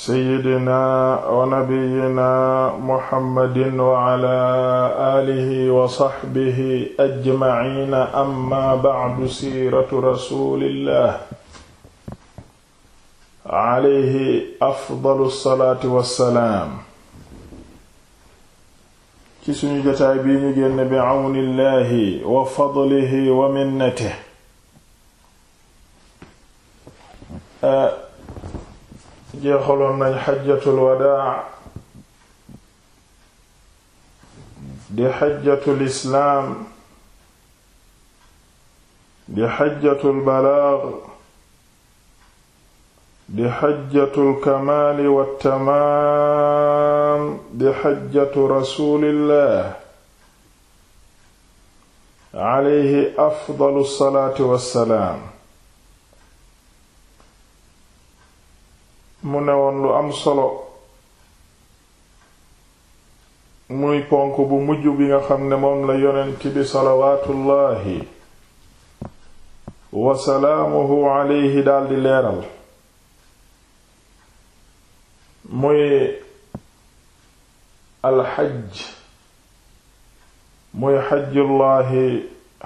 sayyidina wa nabiyina muhammadin wa ala alihi wa sahbihi ajma'ina amma ba'du siiratu rasulillah alayhi afdalu salaati wassalaam ci suñu jotaay bii ñu génn bi awnillahi wa fadlihi wa minnatihi jeexaloon nañ xajjatul wadaa di xajjatul islaam di xajjatul balaag di xajjatul kamaali wattamaam di xajjatu rasuulillah alayhi afdalu salaatu wassalaam mu ne woon lu am solo muy ponk bu mujj bi nga xam ne moom la yonent bi salawaatullaahi wasalaamuhu aleyhi daldi leeral muy alxajj muy xajjullaahi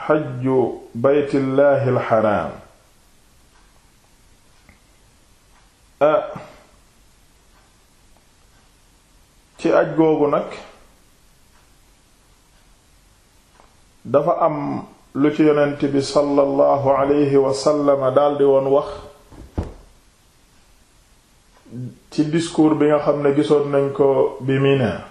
xajju beytillaahi alxaraam Ah. ci aj googu nag dafa am lu ci yonent bi sallallahu alayhi wasallama daldi woon wax ci discours bi nga xam ne gisoon nañ ko bi Mina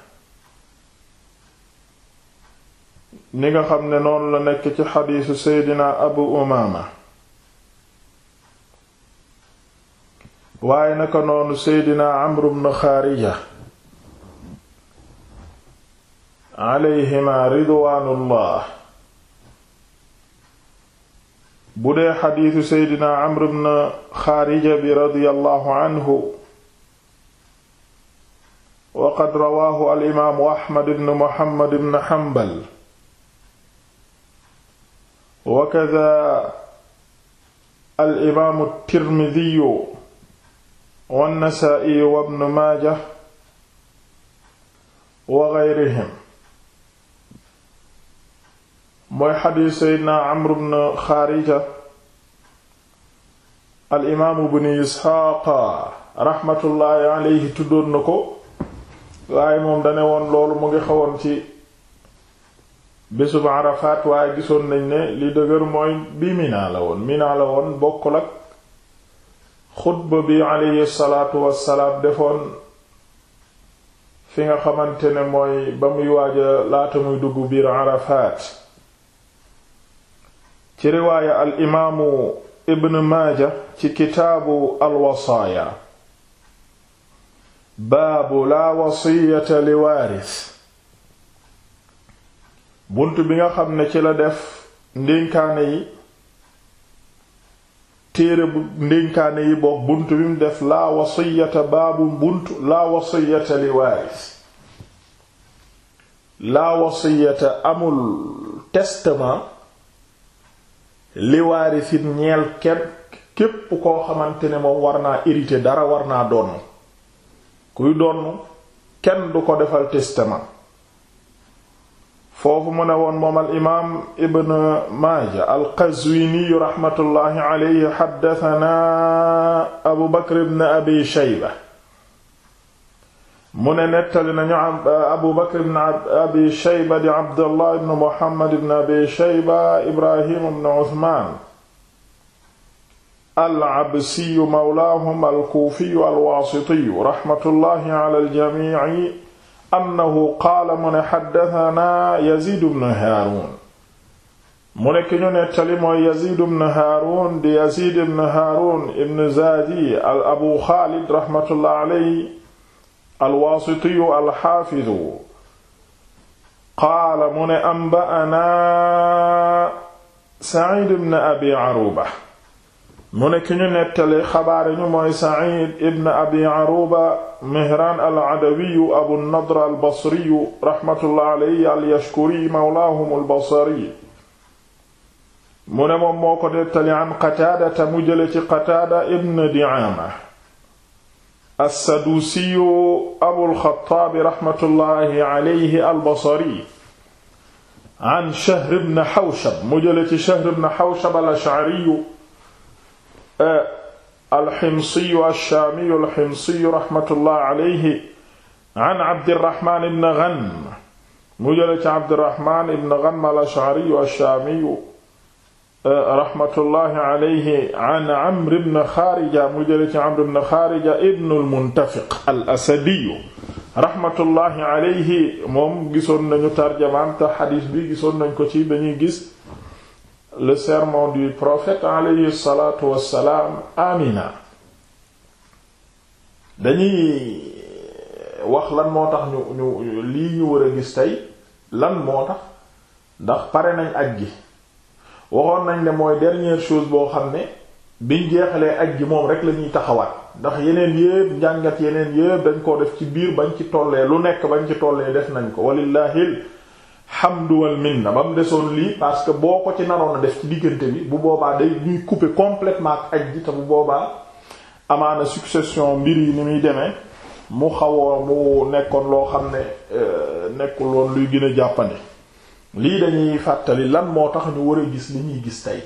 ni nga xam ne noonu la nekk ci xadiisu seydina abu umaama waaye naka noonu seydina amru bnu xaarija alayhima ridwaanullah bu dee xadiisu seydina amru bnu xaarija bi radiyallahu anhu waqad rawaahu alimaamu ahmad bnu muhammad bnu hanbal wakada alimaamu tirmidiyu والنسائي وابن ماجه وغيرهم mooy xadiis seydna amru bnu xaarija alimaamu bnu isxaaqa raxmatullaahi aleyhi tuddoon na ko waaye moom dana woon loolu mu ngi xawoon ci bésub arafaat waaye gisoon nañ ne li dëgër mooy bi Mina la woon Mina la woon bokkul ak xutba bi aleyhi salaatu wassalaam defoon fi nga xamante ne mooy ba muy waaja laata muy dugg biir Arafaat ci riwaaya al imaamu ibn maaja ci kitaabu alwasaaya baabu laa wasiyata li waaris bunt bi nga xam ne ci la def ndénkaane yi téere bu ndénkaane yi bokk bunt bi mu def laa wasiyata baabu bunt laa wasiyata li waaris laa amul testament li ñeel kenn képp koo xamante ne moom war naa hérité dara war naa donn kuy donn kenn du ko defal testament foofu mu ne woon moom al imaam ibn maaja al qazwini raxmatullaahi alayhi xaddatanaa abu bakr ibn abi shayba mu ne nettali nañu eh, abu bakr ibn abi shayba di abdullah ibn muhammad ibn abi shayba ibrahim ibn uthman al absiyu mawlaahum al kuufiyu al waasitiyu raxmatullaahi ala al jamii annahu qaala mu ne xaddatanaa yazidu bnu haaruun mu ne ki ñu nettali mooy yazidu bnu haaruun di yazid bnu haaruun ibn zaadi al abu xaalid raxmatullah aley alwaasitiyu alxaafidu qaala mu ne anba'anaa saciid bnu abi caruuba mu ne ki ñu nettali xabaar ñu mooy Saciid ibn Abi Aruuba Mihraan al-Adawiyu Abu Nadr al-Basriyu raxmatullahi alayhi al-Yashkuri mawlaahum al-Basri mu ne moom moo ko nettali an Qataada te mu jële ci Qataada ibn Dicaama as-Saduusiyu Abul Xattaab raxmatullahi alayhi al-Basri an Shahr ibn Xawshab mu jële ci Shahr ibn Xawshab al-Ashcariyu E, alximsiyu alshaamiyu alximsiyu raxmatullah alayhi an abdirahman ibn ghanm mu jële ci abdirahman ibn ghanm alashariyu alshaamiyu e, raxmatullahi alayhi an amr ibn xaarija mu jële ci amr ibn xaarija ibn almuntafiq al asadiyu raxmatullahi alayhi moom gisoon nañu tarjamaam te xadiis bi gisoon nañ ko ci dañuy gis le sermon du prophète alayhi salaatu wassalaam amina dañuy wax lan moo tax ñu ñu lii ñu war a gis tey lan moo tax ndax pare nañ aj gi waxoon nañ ne mooy dernière chose boo xam ne biñ jeexalee aj gi moom rek la ñuy taxawaat ndax yeneen yépp njàngat yeneen yépp dañ koo def ci biir bañ ci tollee lu nekk bañ ci tollee def nañ ko walillahil hamdu wal minna ba mu desoon lii parce que boo ko ci naroon a def ci diggante bi bu boobaa day ñuy couper complètement ak aj ji te bu boobaa amaana succession mbir yi ni muy demee mu xawoo mu nekkoon loo xam ne euh, nekkul woon luy gën a jàppandi lii dañuy fàttali lan moo tax ñu war a gis li ñuy gis tey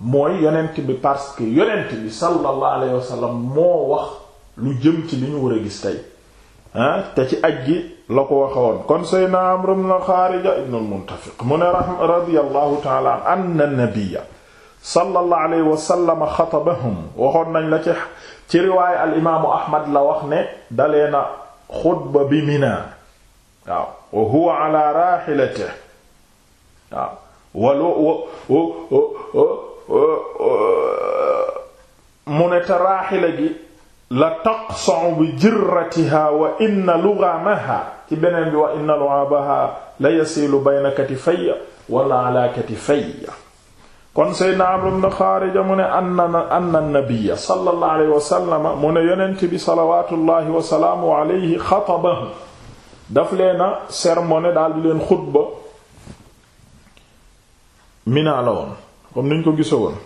mooy yonent bi parce que yonent bi sallallahu alayhi wa moo wax lu jëm ci li ñu war a gis tey te ci aj gi la ko waxe woon kon sayna Amr ibn Xaarija ibn al-Muntafiq mu ne radiyallahu ta'ala anna nabiyya sallallahu alayhi wa sallam xatabahum waxoon nañ la ci ci riwaaya al imaamu Ahmad la wax ne dalee na xutba bi Mina waaw wa huwa ala raahilatihi waaw mu ne te raahila gi la taqsa'u bi jirratiha wa inna lughamaha ci beneen bi wa inna lu'abaha la yasilu bayna katifayya wala ala katifayya kon seydna amr ibn xaarija mu ne anna anna nabiyya sallallahu alayhi wa sallama mu ne yonent bi salawatullahi wa salaamu alayhi xatabahu daf leena sermone daal di leen xutba minaa la woon comme niñ ko gisa woon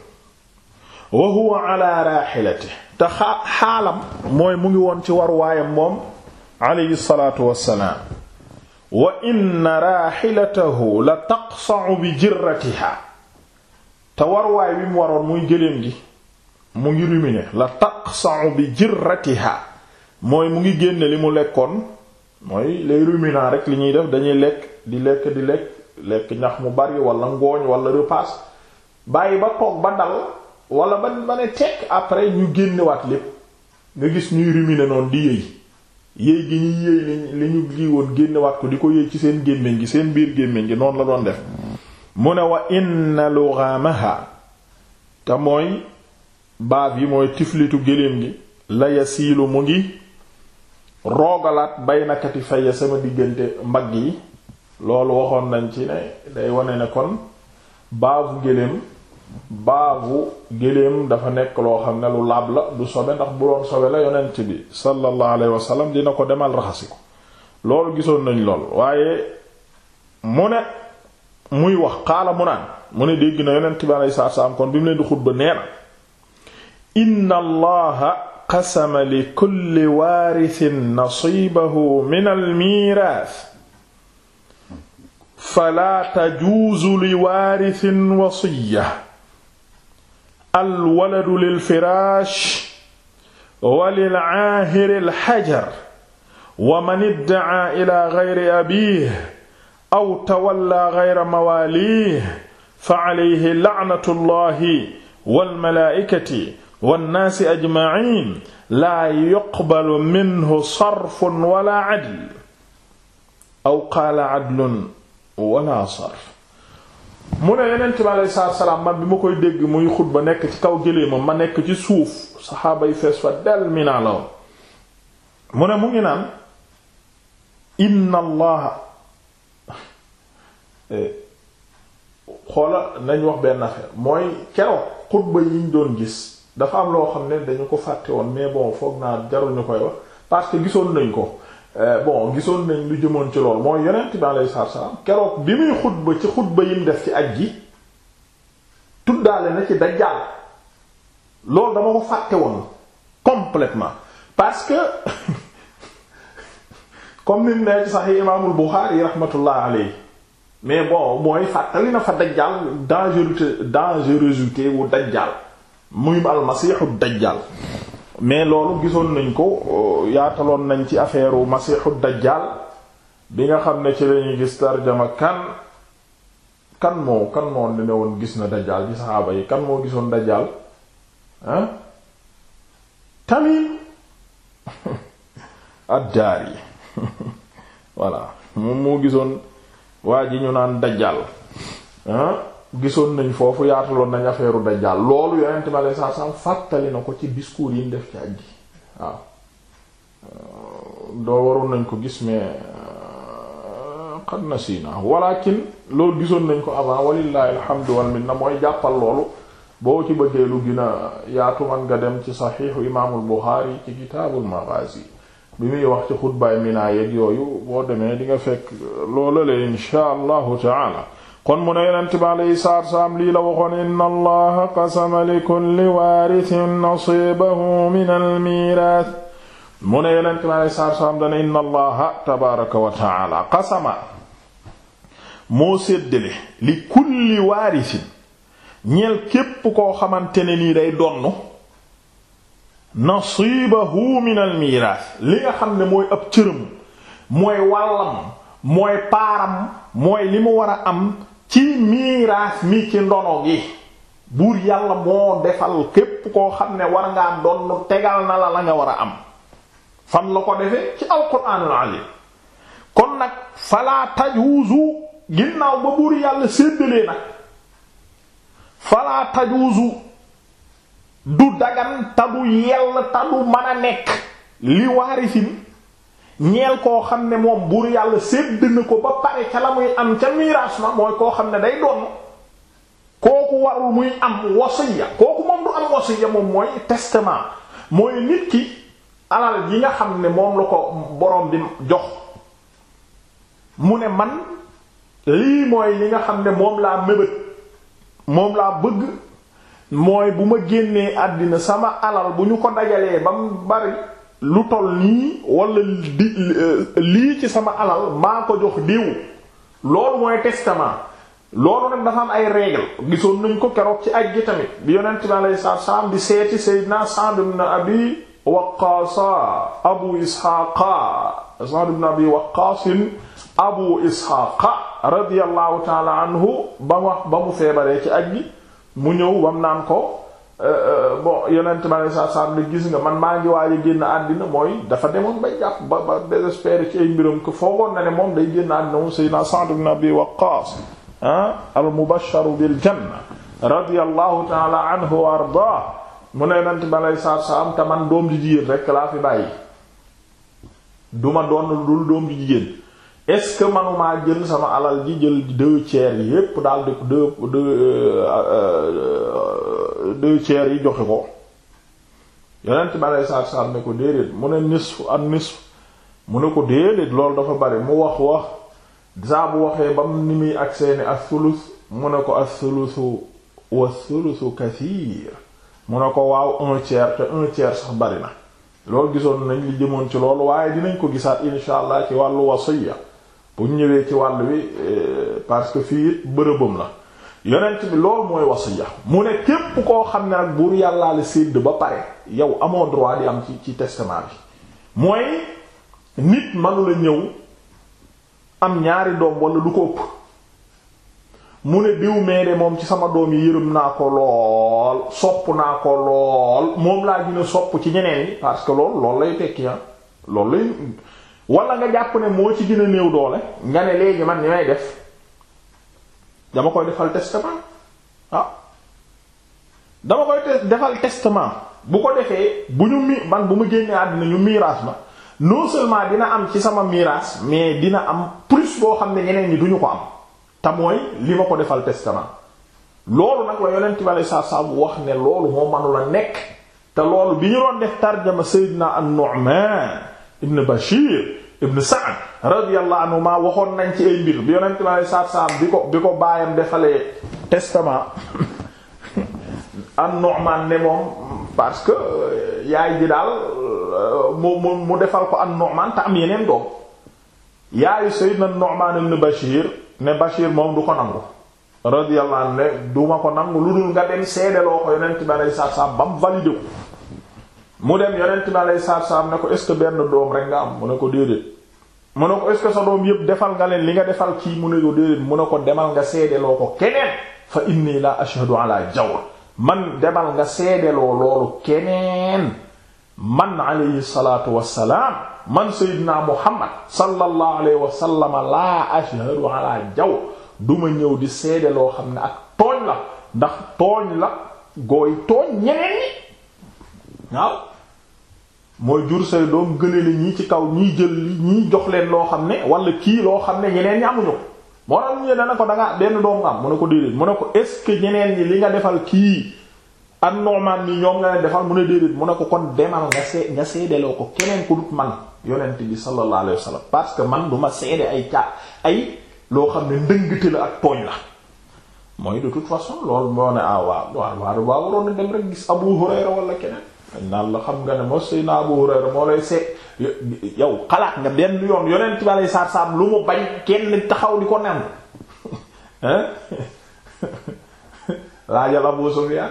wa huwa ala raxilati te xaalam mooy mu ngi woon ci war waayam moom alayhi salaatu wassalaam wa inna raaxilatahu la taqsa'u bi jirratiha te warwaay wi mu waroon muy gëléem gi mu ngi rumine la taqsa'u bi jirratiha mooy mu ngi génne li mu lekkoon mooy les ruminants rek li ñuy def dañuy lekk di lekk di lekk lekk ñax mu bari wala ngooñ wala repas bàyyi ba toog ba dal wala ba ba ne tekk après ñu génnewaat lépp nga gis ñuy rumine noonu di yëy yéy gi ñuy yéy li ñu lii woon génnewaat ko di ko yéy ci seen gémmiñ gi seen biir gémmiñ gi noonu la doon def mu ne wa inna te mooy baab yi mooy tiflitu géléem gi la yasiilu mu ngi roogalaat bayna katifayya sama diggante mbagg yi loolu waxoon nañ ci ne day wane ne kon baabu géléem baabu géléem dafa nekk loo xam ne lu laab la du sobe ndax bu doon sobe la yonent bi sallallahu alayhi dina ko demal raxasi ko loolu gisoon nañ lool waaye mu ne muy wax xaala mu naan mu ne dégg na yonent bi alayhi salaam kon bi mu leen di xutba nee na inna allaha qasama li kulli waarithin nasiibahu min al miiraas falaa tajuuzu li waarithin wasiya alwaladu lil firaash wa lil aahiri al hajar wa man iddaa ila gayri abiih aw tawalla gayra mawaaliih fa alayhi lacnatu llahi walmalaa'ikati wannaasi ajmaciin laa yuqbalu minhu sarfun wala cadl aw qaala cadlun wala sarf mu ne yeneen bi aleyhi salaatu salaam man bi ma koy dégg muy xutba nekk ci kaw gëléemam ma nekk ci suuf saxaaba yi fees fa del mina la woon mu ne mu ngi naan inna allaha eh, xoola nañ wax benn affaire mooy keroog xutba ñu doon gis dafa am loo xam ne dañu ko fàtte woon mais boobu foog naa jarul ñu koy wax parce que gisoon nañ ko Eh, bon gisoon nañ lu jëmoon ci loolu moo yonent bi alayhi salaatu salaam keroog bi muy xutba ci xutba yim def ci aj gi tuddaale na ci dajjaal loolu dama ko fàtte woon complètement parce que comme ni ne ci Sahih Imaamul Bukhari rahmatullah alayhi mais bon mooy fàttali na fa dajjaal dangerosité dangerosité wu dajjaal muy almasiixu dajjaal mais loolu gisoon nañ ko euh, yaataloon nañ ci affaire u masiixu dajjaal bi nga xam ne ci lañuy gis tarjama kan kan moo kan moo ne woon gis na dajjaal ci saxaaba yi kan moo gisoon dajjaal ah Tamim ad-Dari moom moo gisoon waa ji ñu naan dajjaal gisoon nañ foofu yaataloon na affaire u dajjaal loolu yonent bi alayhi salaatu salaam fàttali na ko ci discours yi ñu def ci aj gi waaw doo waroon nañ ko gis mais xad euh, na siina walakin loolu gisoon nañ ko avant walillahi alhamdu wal minna mooy jàppal loolu boo ci bëggee lu gën yaatu man nga dem ci saxiixu imaamul Buxaari ci kitaabul Maghaazi bi muy wax ci xutbaay Mina yeeg yooyu boo demee di nga fekk loolu la insha allahu taala kon mu ne yonent bi alayhi salaatu salaam lii la waxoon inna allaha qasama li kulli waarithin nasiibahu min almiiraas mu ne wa taala qasama moo séddale li kulli waarithin ñeel képp koo xamante nii day donn nasiibahu min almiiraas li nga xam ne mooy ab cëram mooy wàllam mooy paaram mooy li mu war am ci miraas mi ci ndono gi buur yàlla moo defal képp koo xam ne war ngaa doon tegal na la la nga war a am fan la ko defee ci alquranul azim kon nag fala tajuuzu ginnaaw ba buur yàlla séddalee nag fala tajuuzu du dagan ta du yell ta mën a nekk li waarisin ñeel koo xam ne moom buur yàlla sédd na ko ba pare ca la muy am ca miraas ma mooy koo xam ne day doon kooku warul muy am wasiya kooku moom du am wasiya moom mooy testament mooy nit ki alal ji nga xam ne moom la ko borom bi jox mu ne man lii mooy nga xam ne moom laa mébét moom laa bëgg mooy bu ma génnee àddina sama alal bu ñu ko dajalee ba mu bari lu toll nii wala di euh, lii ci sama alal maa ko jox diw loolu mooy testament loolu nag dafa am ay règle gisoon nañ ko keroog ci aj gi tamit bi yonent bi alayhi salaatu salaam seeti Seydina Sa'd ibn Abi Waqqaas Abu Isxaaq Sa'd ibn ta'ala anhu ba mu feebaree ci aj gi mu ñëw wam naan ko Euh, euh, bon yonent ma ne saa saam ne gis nga man maa ngi waaj a génn àddina mooy dafa demoon bay jàpp ba ba désespéré ci ay mbiram ko foogoon na ne moom day génn àddina moom Seydina Sa'd ibn ah, al mubashshar bil janna radiyallahu ta'ala anhu wa ardaa mu ne yonent ma ne saa saam te man doom ji jigéen rek laa fi bàyyi duma doon dul doom jigéen est manumaa jël sama alal ji jël deux tiers yépp dal di deux deux euh, deux tiers yi joxe ko yonent bi aleyhi salaatu salaam ne ko déedéet mu ne nisfu ak nisfu mu ne ko déedéet loolu dafa bari mu wax wax saa bu waxee ba mu ni muy ak seeni as-sulus mu ne ko as-sulusu wa as-sulusu kasiir mu ne ko waaw un tiers te un tiers sax bari na loo gisoon nañ li jëmoon ci loolu waaye dinañ ko gisaat insha allah ci wàllu wasiya bu ñëwee ci wàll wi eh, parce que fii bërëbam la yonent bi loolu mooy wasiya mu ne képp koo xam ne ak buur yàllaa la sédd ba pare yow amoo droit di am ci ci testament bi mooy nit manu la ñëw am ñaari doom wala du ko ëpp mu ne diw meede moom ci sama doom yi yërëm naa ko lool sopp naa ko lool moom laa gën sopp ci ñeneen yi parce que loolu loolu lay tekki ah loolu lay wala nga jàpp ne moo ci gën a néew doole nga ne léegi man ni may def dama koy defal testament ah dama koy defal testament bu ko defee bu ñu mi man bu ma génnee àddina ñu miraas ma non seulement dina am ci sama miraas mais dina am plus boo xam ne ñeneen ñi duñu ko am te mooy li ma ko defal testament loolu nag la yonent bi alei satu salaam wax ne loolu moo manula nekk te loolu bi ñu doon def tarjama Seydina an-Nu'man ibn Bashir ibn Sa'd radiyallahu anhu maa waxoon nañ ci ay mbir bi yonent ma lay saab saab bi ko bi ko baayam defalee testament an-Nu'man ne moom parce que euh, yaay ji daal euh, mu mu mu defal ko an-Nu'man te am yeneen doom yaayu sayyidna Nu'man ibn Bashir ne Bashir moom du ko nangu radiyallahu anhu ne duma ko nangu lu dul nga dem seede loo ko yonent ma lay saab saab ba mu validé mu dem yonent bi aleyhi salaatu salaam ne ko est ce que benn doom rek nga am mu ne ko déedéet mu ne ko est sa doom yépp defal nga leen li nga defal kii mu ne ko déedéet mu ne ko demal nga seedeloo ko keneen fa inni la ashhadu ala jaw man demal nga seedeloo loolu keneen man aleyhi salaatu wassalaam man sayyidina muhammad sallallahu alayhi wa laa ashhadu ala jawr duma ñëw di seedeloo xam ne ak tooñ la ndax tooñ la gooy tooñ ñeneen ñi waaw mooy jur say doom gëlale ñii ci kaw ñii jël ñii jox leen loo xam ne walla kii loo xam ne ñeneen ñi amuñu moo tax dana ko dangaa benn doom am mu ne ko déedéet mu ko est ce que li nga defal kii am normal nii ñoom nga leen defal mun a déedéet mu ne ko kon demal nga see nga ko keneen ku dut man yonent bi sallallahu alayhi wa parce que man du ma seede ay ca ay loo xam ne ndëngte la ak tooñ la mooy de toute façon loolu moo ne ah waaw waaw waaw waroon na dem rek gis Abu Hurayra wala keneen. dañ naan la xam nga ne moo Seydina Abu Hurayra moo lay seet yow xalaat nga benn yoon yonent balay saar saam lu mu bañ kenn taxaw di ko nen laajal Abu Sufyaan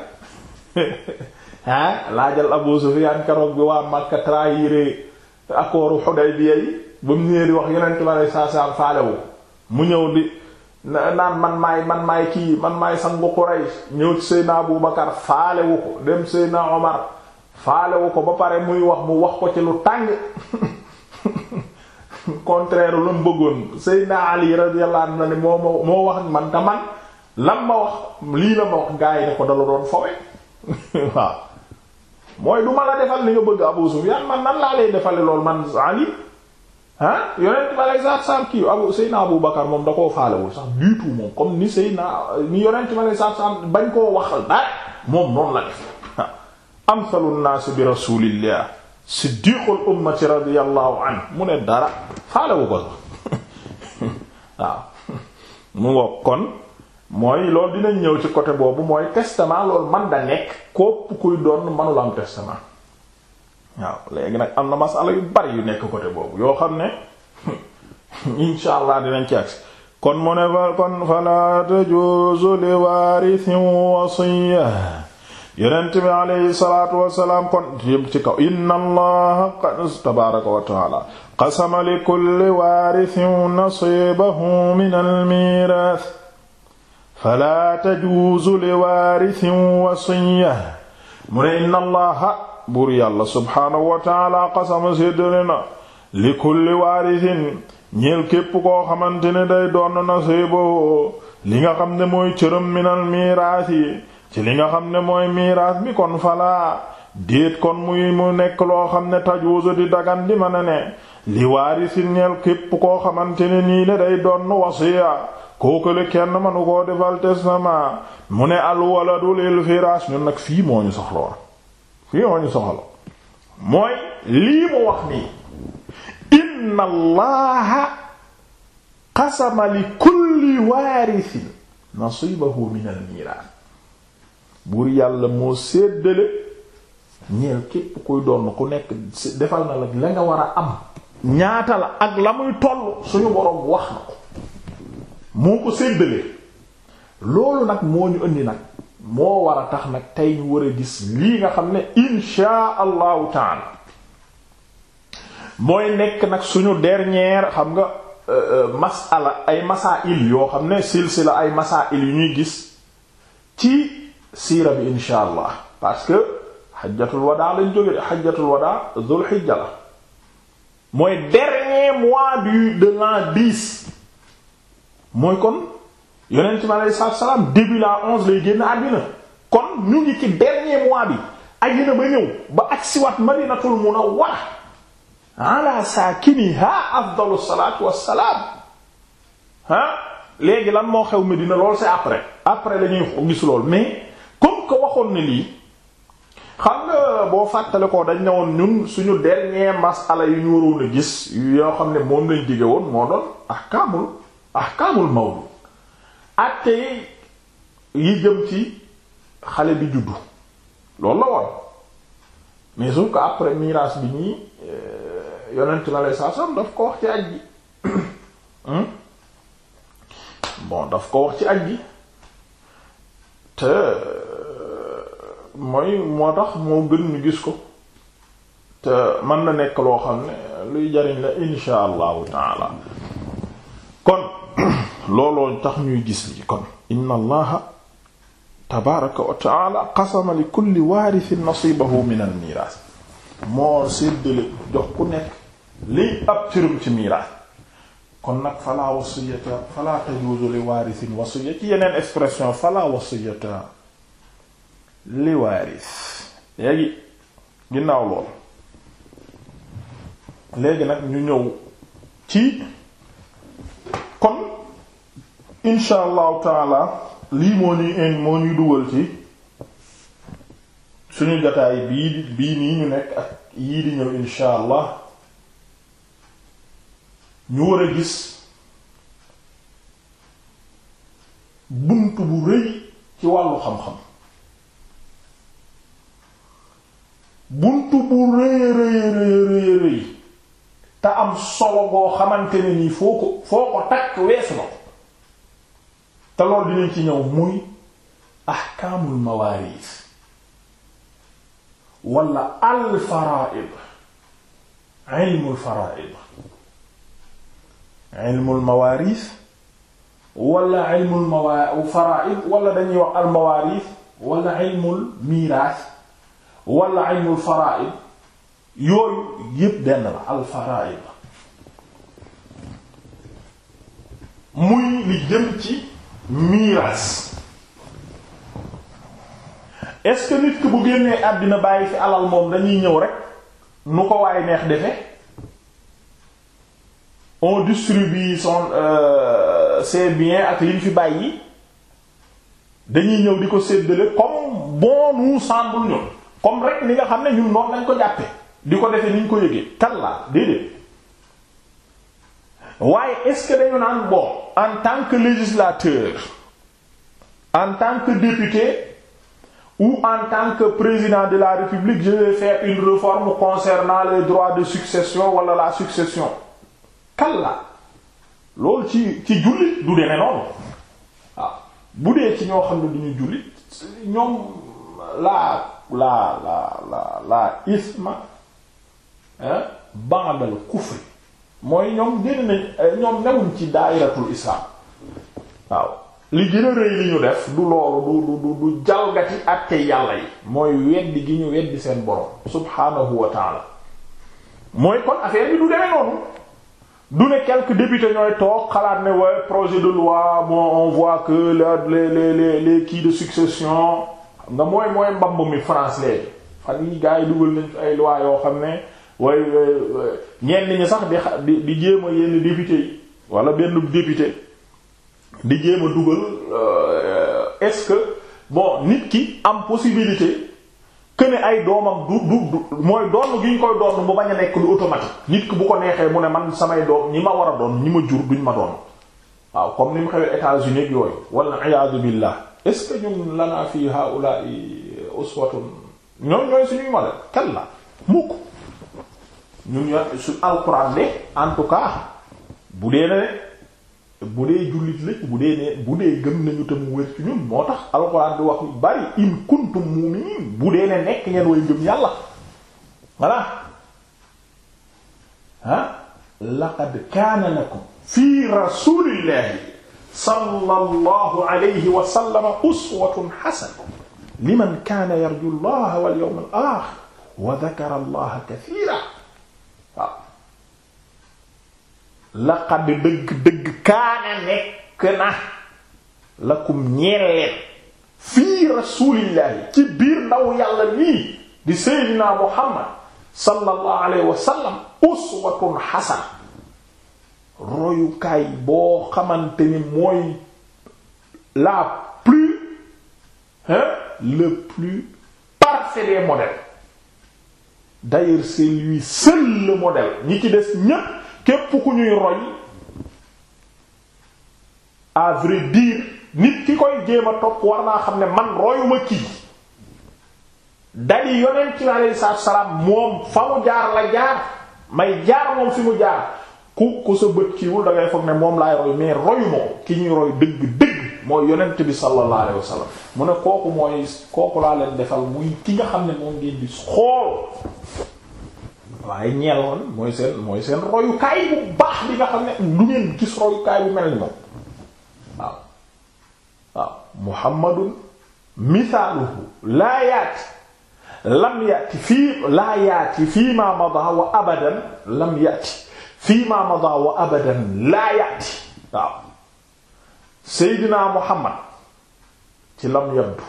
ah laajal Abu Sufyaan keroog bi waa Makka trahiré accordu Hudaybiya yi ba mu ñëwee di wax yonent balay saar faalewu mu ñëw di naan man maay man maay kii man maay sangu Quraysh ñëw ci Abu Bakar faalewu dem Seydina Omar faalewu ko ba pare muy wax mu wax ko ci lu tàng contraire lu mu bëggoon Seydina Ali radiyallahu anhu ne moo moo moo wax man ta man ma wax lii la ma wax gaa yi ne ko dala doon fowe waaw mooy du ma la defal li nga bëgg Abu Sufyan man nan laa lay defale lool man Ali ah yonent ma lay saat saam kii abu Seydina Abu Bakar moom da koo faalewul sax du tout moom comme ni Seydina ni yonent ma lay saat saam bañ koo wax dara moom noonu la def amsalu nnaasi bi rasulillah siddiqul ummati radiyallahu anhu mu ne dara faalewu ko sax waaw mu ngoog kon mooy loolu dinañ ñëw ci côté boobu mooy testament lool man da nekk kopp kuy doon manul am testament waaw léegi nag am na masala yu bari yu nekk côté boobu yoo xam ne insha allah dinañ ci agsi kon mu ne fa kon fala tajuzu li warithin wasiyya yonent bi alayhi salaatu wassalaam kon yëm ci kaw wa taala qasama li kulli waarithin nasiibahu min almiiraas falaa tajuuzu li waarithin wasiya mu ne inna allaha buur subhaanahu wa taala qasama séddale li kulli waarithin ñeel képp koo xamante ne day li nga xam ne mooy cëram min almiiraas ci li nga xam ne mooy miraas mi kon falaa déet kon muy mu nekk loo xam ne tajuusu di dagan di mën a ne li waarisi ñeel képp koo xamante ne nii ne day doon wasiya kookale kenn manu koo defal testament mu ne alwaladu lil firaas ñun ñu soxla fii moo ñu soxla mooy lii mu wax nii inna allaha qasama li kulli waarisin nasibahu min al miraas buur yàlla moo séddale ñeel képp kuy doon ku nekk defal na la la nga war a am ñaata la ak la muy toll suñu boroom wax na ko moo ko séddale loolu nag moo ñu indi nag moo war a tax nag tey ñu war a gis lii nga xam ne inshaa allahu taala mooy nekk nag suñu dernière xam nga euh, euh, masala ay masaa il yoo xam ne silsila ay masaa il yu ñuy gis ci siira bi insha allah parce que xajjatul wadaa lañ jóge xajjatul wadaa zul xijja la mooy dernier mois du de l'an dix mooy kon yonent bi aleyhi salaatu salaam début la onze lay génn àddina kon ñu ngi ci dernier mois bi àddina ba ñëw ba agsiwaat madinatul munawwara ala saakiniha afdalu salaatu wassalaam ah léegi lan moo xew Medina lool c'est après après la ñuy gis lool mais comme que waxoon na lii xam nga boo fàttale ko dañ ne woon ñun suñu dernier masala yu ñu waroon a gis yoo xam ne moom lañ dige woon moo doon ahkaamul ahkaamul mawlud àtte yi yi jëm ci xale bi juddu loolu la woon mais sauf que après miraas bi ñii euh, yonent na lay saa sam daf ko wax ci aj gi hmm? bon daf ko wax ci aj gi te mooy moo tax moo gën ñu gis ko te man na nekk loo xam ne luy jariñ la insha allahu taala kon looloo tax ñuy gis lii kon inna allaha tabaraka wa taala li kulli waarithin nasibahu min al miiraas moo séddale jox ku nekk liy ab cërum ci miiraas kon nag fala wasiyata fala tajuzu li waarithin wasiya ci yeneen expression fala wasiyata li waaris léegi ginnaaw lool léegi nag ñu ñëw ci kon insha allahu taala lii moo ñuy moo ñuy dugal ci suñu jotaay bii bii nii ñu nekk ak yii di ñëw insha ñu war a gis bunt bu rëy ci wàllu xam-xam bunt bu rëy rëy rëy rëy te am solo boo xamante ne nii foo ko foo ko takk weesu na ko te loolu dinañ ci ñëw muy ahkaamul mawaris wala al fara'id ilmul fara'id ilmul mawaris wala ilmul mawa fara'id wala dañuy wax al mawaris wala ilmul miiraas wala aynul fara'id yooyu yépp benn la al fara'id muy li jëm ci miiras est nit ki bu génnee àddina bàyyi fi alal moom dañuy ñëw rek nu ko waay neex defe on distribue son euh, ses biens ak li ñu fi bàyyi dañuy ñëw di ko séddale comme bon nous semble comme rek li nga xam ne ñun noonu lañ ko jàppe di ko defee ni ñu ko yëgee kallaa déedéet waaye est dañu naan bon en tant que législateur en tant que député ou en tant que président de la République je vais faire une réforme concernant les droits de succession wala la succession kalla loolu ci ci jullit du demee noonu waaw bu dee ci ñoo xam ne du jullit ñoom la la la la isma ba'dal kufri mooy ñoom génn nañ euh, ñoom newuñ ci daayiratul islam waaw li gën a rëy li ñu def du loolu du du du jalgati àtte yàlla yi mooy weddi gi ñu weddi seen borom subhaanahu wa mooy kon affaire bi du demee noonu du ne quelques députés ñooy toog xalaat ne waaye projet de loi bon on que les les les les qui de succession xam nga mooy mooy mbamb mi France léegi fan yi gars yi dugal nañ ay loi yoo xam ne way ñenn ñi sax di di jéem a yenn député yi wala benn député di jéem a dugal euh, est-ce que bon nit ki am possibilité que ne ay doomam du du du mooy doon gi ñu koy doon bu bañ a nekk lu automatique nit ki bu ko neexee mu ne man samay doom ñi ma war a doon ñi ma jur duñ ma doon waaw comme ni mu xewee États-Unis yooyu wala iyaadu billah est-ce que ñun lanaa fii haula'i uswatun ñoom ñooy suñuy modèle kan la mukk ñun ñoo su alxuraan de en bu dee ne bu dee jullit lañ bu dee ne bu dee gëm nañu te mu wér ci ñun moo tax alxuraan di wax bari in kuntum mu'minin bu dee ne nekk ngeen way gëm yàlla voilà ah laqad kaana lakum fi rasulillahi sallallahu alayhi wa sallam uswatun hasana liman kaana yarju llaha wal yawmal aaxir wa dakara allaha kathiiran waaw laqad dëgg-dëgg kaana nekk na lakum ñeel leen fii rasulillahi ci biir ndaw yàlla nii di sayyidina Muhammad sallallahu alayhi wa sallam uswatun hasana royukaay boo xamante ni mooy la plus hein le plus parfait des modèles d'ailleurs c'est lui seul ñi ci des ñépp képp ku ñuy roy à vrai nit ki koy jéem a topp war naa xam ne man royuma kii dali yonent ci alayhi salaam moom fa mu jaar la jaar may jaar moom fi mu jaar ku ku sa bët kiiwul da foog ne moom laay roy mais royu moom ki ñuy roy dëgg dëgg mooy yonent bi sallallahu alayhi wasallam mu ne kooku mooy kooku laa leen defal muy ki nga xam ne moom ngeen di xool waaye ñeel woon mooy seen mooy seen royukaay bu baax bi nga xam ne lu ngeen gis royukaay bu mel ni moom waaw waaw muhammadun misaaluhu laa yaati lam fii laa yaati fii ma mada wa abadan lam fii ma wa abadan laa yàtti seydina muhammad ci lam yabdu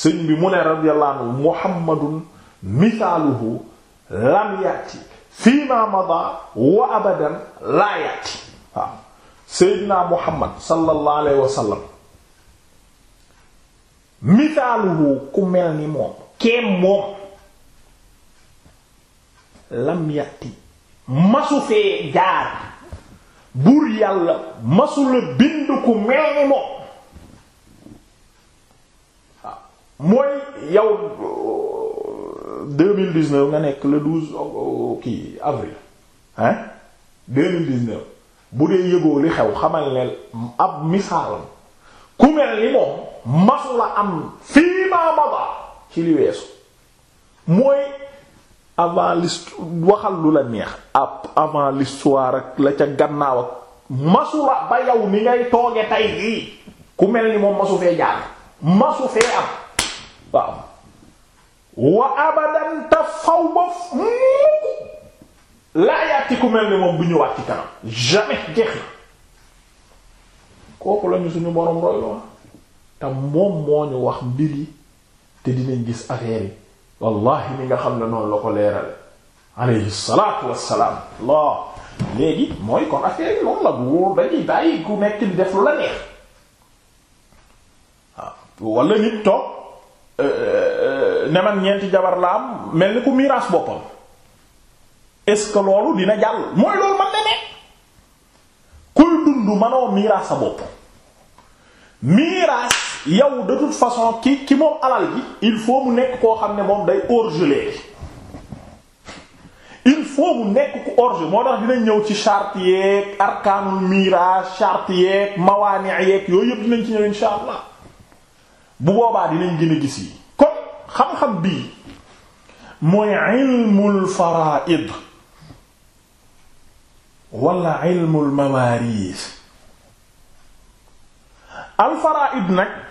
sëñ bi mu ne radiyallahu anhu muhammadun misaaluhu lam yàtti fii ma wa abadan laa yàtti seydina muhammad sallallahu alayhi wa sallam misaaluhu ku mel ni moom keem moom lam yàtti masu fee jaar buur yàlla masu la bind ku mel ni moom ah, mooy yow 2019 euh, nga nekk le 12 kii avril hein 2019 bu dee yëgoo li xew xamal ne ab misaalam ku mel ni moom masu la am fii ma maba ci li weesu mooy avant l'histoire waxal lu la neex ab avant l'histoire ak la ca gannaaw ak masula ba yow ni ngay tooge tay jii ku mel ni moom masu fee jaar masu fee am waaw wa abadan te faw ba mukk laa yàtti ku mel ni moom bu ñëwaat ci kanam jamais jeex na kooku lañu suñu borom roy te moom moo ñu wax mbir yi te dinañ gis affaire yi wallahi mi nga xam ne noonu la ko leerale alayhi salaatu wassalaam laa léegi mooy kon affaire yi loolu la bu wóor dañuy bàyyi ku nekk di def la neex waaw nit toog euh, euh, ne man ñeenti jabar la am mel ni ku miraas boppam est-ce que loolu dina jàll mooy loolu man ne ne kuy dund manoo miraas sa bopp yow de toute façon ki ki moom alal ji il faut mu nekk koo xam ne moom day orgelé il faut mu nekk ku orge moo tax dinañ ñëw ci chart yeeg arkaanul miraas charte yeeg mawaani yeeg yooyu yëpp dinañ ci ñëw insha allah bu boobaa dinañ gën a gis yi kon xam-xam bii mooy ilmul faraid wala ilmul mawaris al faraid nag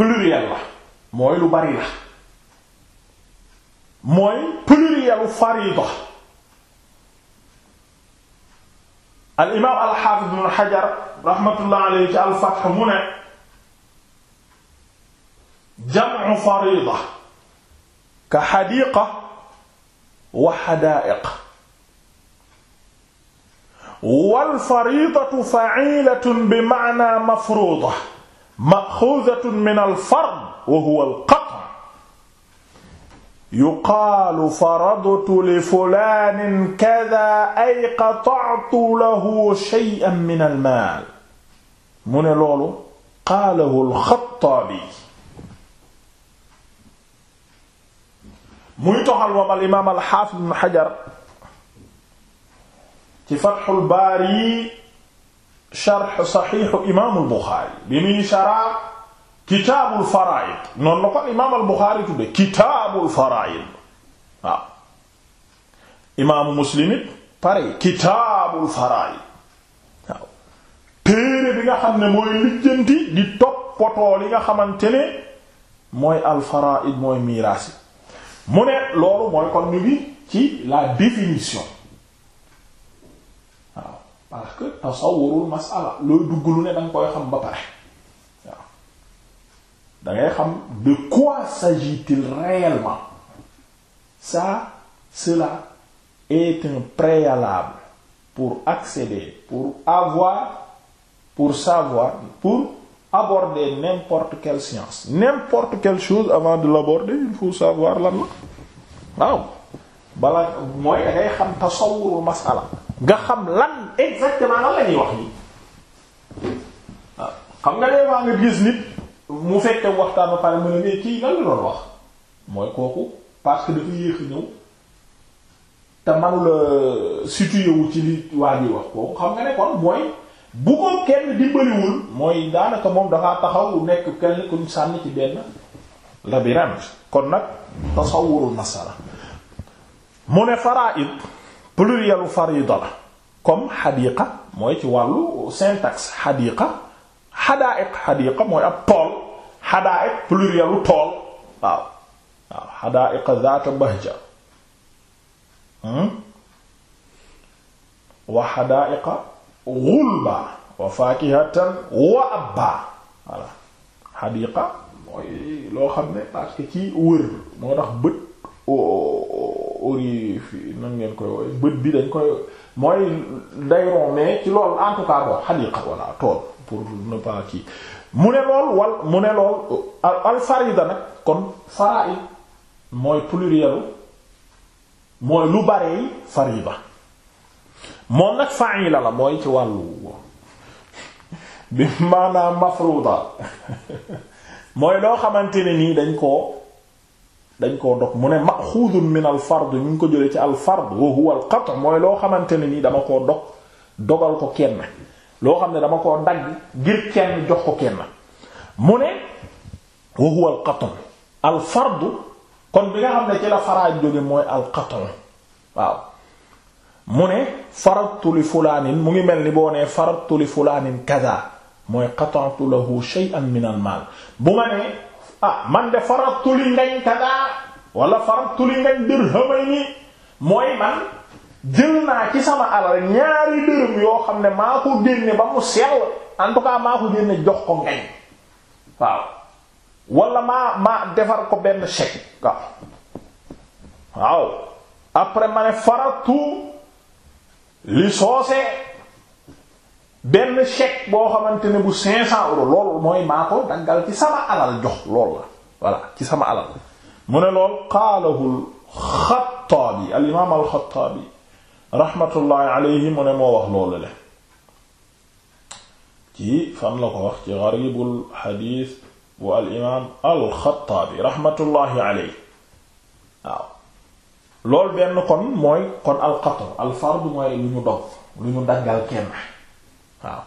pluriel la mooy lu bari la mooy plurielu farida al imaam al xaafis ibn xajar raxmatullah alayhi ci al fath mu ne jamcu farida ka xadiiqa wa xadaaiq wal faridatu facilatun bi macnaa mafruuda maxuuzatun min al-fard wa huwa al-qat' yuqaalu faradtu li fulaanin kadaa ay qata'tu lahu shay'an min al-maal mu ne loolu qaalahu al-Xattaabi muy toxal moom al imaam al-Haafiz ibn Hajar ci Fathul Baari sharh saxiixu imaamul Buxaari bi muy sharaa kitaabul faraa'id noonu la kon imaamul imaamu Muslim it pare kitaabul faraa'id waaw bi nga xam ne mooy lijjanti di toppatoo li nga xamante ne mooy al mooy miiraasi mu ne loolu mooy kon ñu ngi ci la définition parce que tasawurul masala looy dugg lu ne danga koy xam ba pare waaw dangay xam de quoi sagit réellement ça cela est un préalable pour accéder pour avoir pour savoir pour aborder n'importe quelle science n'importe quelle chose avant de l'aborder il faut savoir lan la waaw bala mooy dangay xam tasawurul masala nga xam lan exactement lan la ñuy wax nii ah, xam nga des fois nga gis nit mu fekke waxtaan ba pare mu ne mais kii lan la doon wax mooy kooku parce que dafa yéex a ñëw te manula situé wu ci li waa ñuy wax kooku xam nga ne kon mooy bu ko kenn dimbaliwul mooy daanaka moom dafa taxaw nekk kenn kuñ sànni ci benn labyrinthe kon nag tasawurul masala mu ne faraid plurielu farida la comme xadiqa mooy ci wàllu syntaxe xadiqa xadaaiq xadiqa mooy ab bahja hmm? wa xadaaiqa gulba wa faakihatan wa abba mooy loo xam ne parce ori nan ngeen koy woowe bët bi dañ koy mooy day ron mais ci loolu en tout walla tool pour ne pas kii mu ne lool wal mu ne lool al farida nag kon faraid mooy plurielu mooy lu barey farida moom nag fa'ila la mooy ci wàllu bi maanaam mafruda mooy loo xamante ne dañ koo dañ koo dog mu ne maxuudun min al fard ñu ngi ko jëlee ci al fard wa huwa al qat' mooy loo xamante ne nii dama koo dog dogal ko kenn loo xam ne dama koo dagg ngir kenn jox ko kenn mu ne wa huwa al qat' kon bi nga xam ne ci la faraaj jóge mooy al qat' waaw mu ne faradtu li fulaanin mu ngi mel ni boo nee faradtu li fulaanin kaza mooy qata'tu lahu shay'an min al bu ma nee ah man de faratu li ngañ kadaa wala faratu li ngañ dirhamayni mooy man jël naa ci sama alal ñaari dërëm yoo xam ne maa ko génne ba mu sell en maa ko génne jox ko ngañ waaw wala maa maa defar ko benn chèque waaw après ma ne faratu li soose benn chèque boo xamante ne bu 500 euros loolu mooy maa ko daggal ci sama alal jox loolu la voilà ci sama alal mu ne lool qaalahu alxataabi al imaam alxataabi rahmatullahi alayhi mu ne moo wax loolu le ci fan la ko wax ci garibul xadiis bu al imaam alxataabi rahmatullahi alayhi waaw loolu benn kon mooy kon alqatar alfard mooy lu ñu dog lu ñu daggal kenn waaw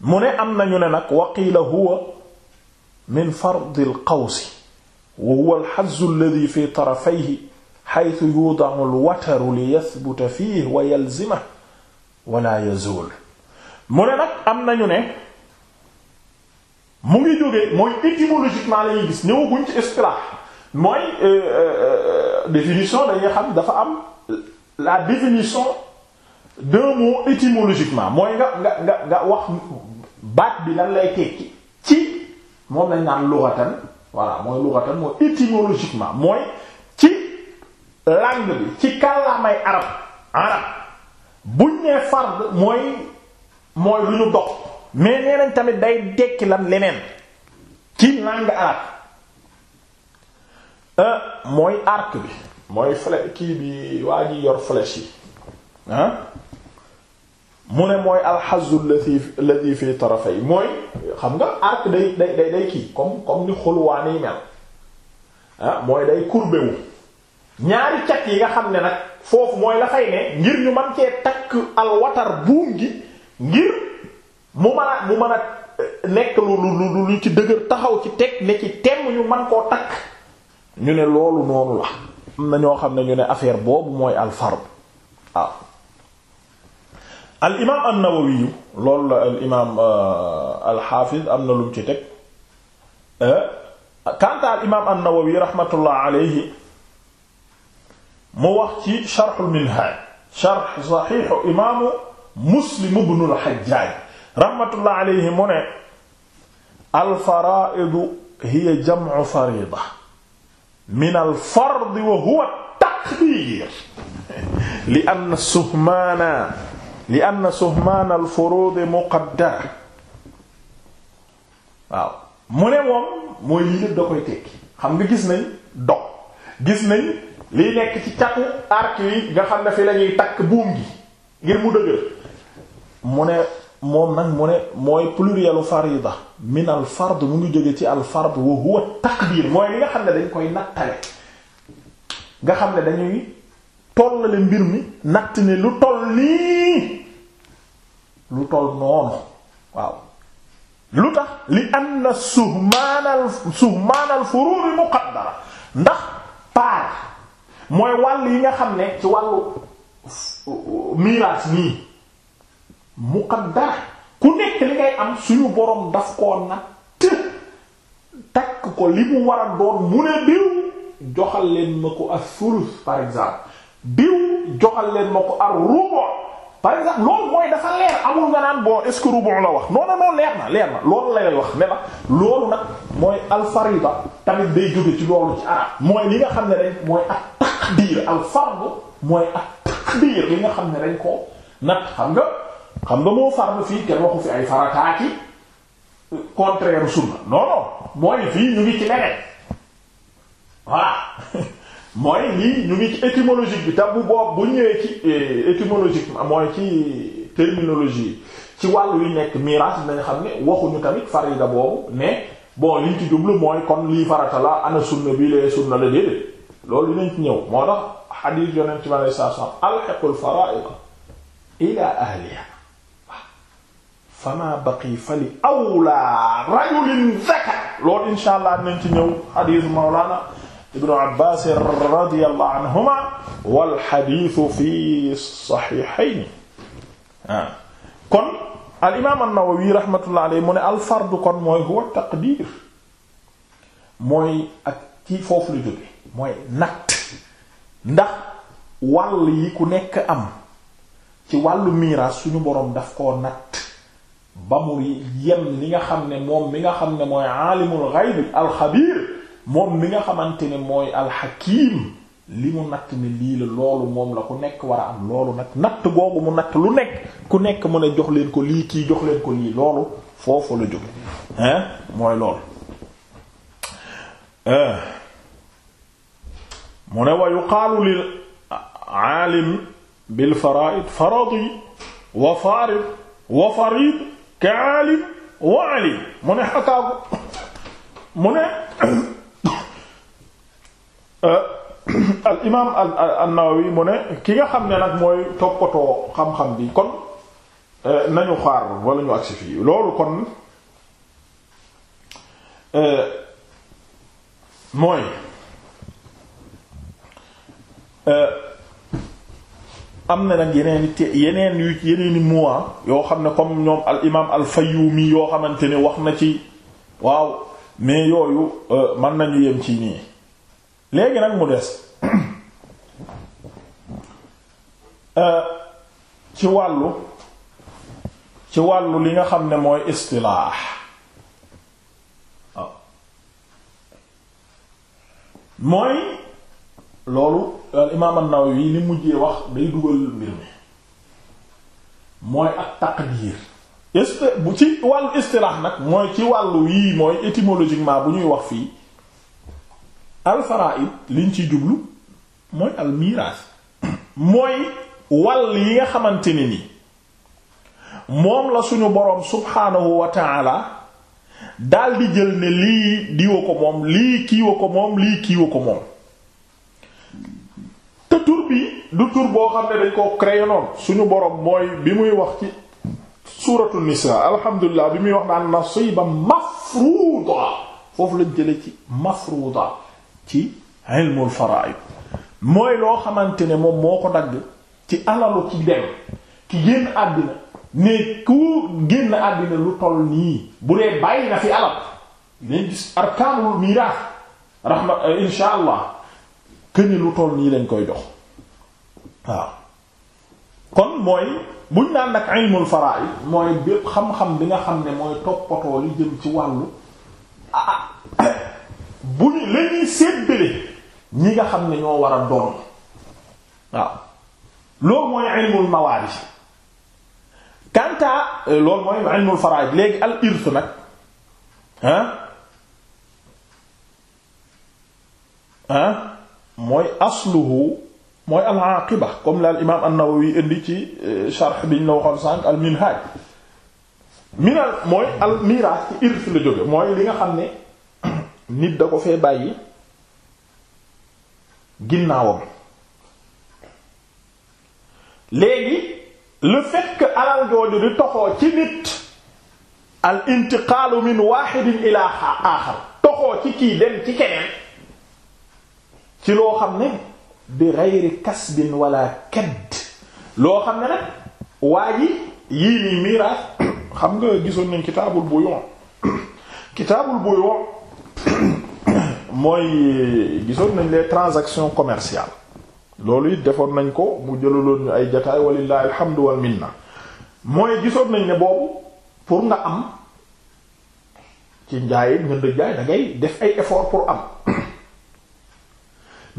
mu ne am nañu ne nag wa qiila huwa min fardi alqawsi wa huwa alxazzu alladi fi tarafayhi xaytu yudacu alwataru li yathbuta fiihi wa yalzimahu wala yazuul mu ne nag am nañu ne mu ngi jógee mooy étymologiquement la ñuy gis ñëwaguñ ci istilah mooy euh, euh, euh, définition dañuy xam dafa am la définition deux mots mooy nga nga nga nga wax baat bi lan lay tekki ci moom lañ naan lughatan voilà mooy lughatan mooy étymologiquement mooy ci langue bi ci kàllaamay arab arab buñ nee fard mooy mooy lu ñu mais nee tamit day dekki lan leneen ci langue arab euh, mooy arc bi mooy flèche kii bi waa ji yor flèche yi mu ne mooy alxazu allati allati fi tarafay mooy xam nga arc day day day day kii comme comme ni xulwaan mel ah, mooy day courbé wu ñaari cat yi nga xam ne nag foofu mooy la fay ne ngir ñu man cee takk alwatar buum gi ngir mu mën a mu mën a eh, nekk lu lu lu ci dëgër taxaw ci teg ne ci temm ñu man koo takk ñu ne loolu noonu la na ñoo xam ne ñu ne affaire boobu mooy alfarb waaw ah. al imaam an-Nawawi loolu la al imaam euh, al-Hafiz am na lum ci teg kanta euh, al imaam an-Nawawi rahmatullah alayhi mu wax ci sharh al-Minhaj sharh sahih imaamu Muslim ibn al-Hajjaj rahmatullah alayhi mu ne al-fara'id hiya jam'u farida min al-fard wa huwa at-taqdir li anna suhmana li anna suhmaan al furuud muqaddar waaw mu ne moom mooy lii lépp da koy tekki xam nga gis nañ dog gis nañ liy nekk ci catu arc yi nga xam ne fi lañuy takk buum gi ngir mu dëgër mu ne moom nag mu ne mooy plurielu farida min al fard mu ngi jóge ci al fard wa huwa taqdir mooy li nga xam ne dañ koy nattale nga xam ne dañuy tollale mbir mi natt ne lu toll nii lu toll noonu waaw lu tax li anna suhmaanal suhmaanal furuuri muqaddara ndax paar mooy wàll yi nga xam ne ci wàllu miraas nii muqaddara ku nekk li ngay am suñu boroom daf koo natt takk ko li mu war a doon mu ne diw joxal leen ma ko as sulus par exemple diw joxal leen ma ko ar rubu par exemple loolu mooy dafa leer amul nga naan bon est-ce que la wax non non non leer na leer na loolu lay wax ne loolu nag mooy alfarida tamit day jóge ci loolu ci arab mooy li nga xam ne dañ mooy ak taqdiir alfardu mooy ak taqdiir li nga xam ne dañ ko nag xam nga xam nga moo fardu fii kenn waxu fi ay farataaki contraire sunna non mooy fii ñu ngi ci leneen voilà mooy lii ñu ngi ci étymologique bi tam bu boob bu ñëwee ci eh, étymologique mooy ci terminologie ci wàll yu nekk miraas dinañ xam ne waxuñu tamit farida boobu mais bon liñ ci jublu mooy kon lii farata la ana sunna bi lee sunna la déedéet loolu dinañ ci ñëw moo tax xadiis yonent bi alei satu selaam alxiqul fara'ida ila ahliha fama baqi fali awla rajulin zakar loolu insha allah dinañ ci ñëw xadiis mawlana ibnu Abbaas radiyallahu anhuma wal xadiisu fi saxiixayni ah. kon al imaam an-Nawawi rahmatullahi mu ne al fardu kon mooy huwa taqdiir mooy ak ci foofu lu jóge mooy natt ndax wàll yi ku nekk am ci wàllu miiraas suñu boroom daf koo natt ba mu yem li nga xam ne moom mi nga xam ne mooy aalimul gayb al xabiir moom mi nga xamante ne mooy alxakiim li mu natt ne lii la loolu moom la ku nekk war a am loolu nag natt googu mu natt lu nekk ku nekk mën a jox leen ko lii kii jox leen ko lii loolu foofu la jóge hein mooy loolu eh, mu ne wa yuqaalu lil aalim bil faraid faradi wa farid wa farid mu ne xakaagu mu ne Euh, al imaam an-Nawawi mu ne ki nga xam ne nag mooy toppatoo xam-xam bi kon euh, nañu xaar wala ñu agsi fii loolu kon euh, mooy am na nag yeneen te yeneen yu yeneen i mois yoo xam ne comme ñoom al imaam al Fayyumi yoo xamante ni wax na ci waaw mais yooyu mën nañu yem ci nii. léegi nag mu des euh, ci wàllu ci wàllu li nga xam ne mooy istilaax waaw mooy loolu al euh, imaam an-Nawawi mujjee wax day dugal mbir mi mooy ak taqdiir bu ci wàllu istilaax nag mooy ci wàllu yii mooy étymologiquement bu ñuy wax fii al faraid liñ ciy jublu mooy al mooy wàll yi nga xamante ne ni moom la suñu boroom subhaanahu wa taala daal jël ne lii diwa ko moom lii kiiwa ko moom lii bi du tur boo xam ne dañ ko créé noonu suñu boroom mooy bi muy wax ci suuratu nisaa alhamdulilah bi muy wax naan nasiiba mafruuda foofu lañ jële ci mafruuda ci ilmul fara'id mooy loo xamante ne moom moo ko dagg ci alalu ci dem ki génn àddina ne ku génn àddina lu toll nii bu dee bàyyi na fi alal lañ gis arkaanul miraas rahma insha allah këni lu toll nii lañ koy jox waaw kon mooy buñ naan nag ilmul fara'id mooy bi nga xam ne mooy toppatoo li jëm ci wàllu bu ñu la ñuy séddale ñi nga xam ne ñoo war a doon waaw loolu mooy ilmul mawaris euh, loolu mooy ilmul al irth nag ah ah mooy asluhu mooy euh, ci irth la jóge mooy li nga xam ne nit da ko fee bàyyi ginnaawam léegi le fait que alal jooju di toxoo ci nit al intiqaalu min wahidin ila axar toxoo ci kii dem ci keneen ci loo xam ne bi geyri kasbin wala kedd loo xam ne nag waa ji yii nii miraas xam nga gisoon nañ kitaabul buyoon kitaabul buyoon mooy gisoon nañ les transactions commerciales loolu it defoon nañ ko mu jëlaloon ñu ay jataay walillahi alhamdu wal na mooy gisoon nañ ne boobu pour nga am ci njaay ñënd jaay da def ay effort pour am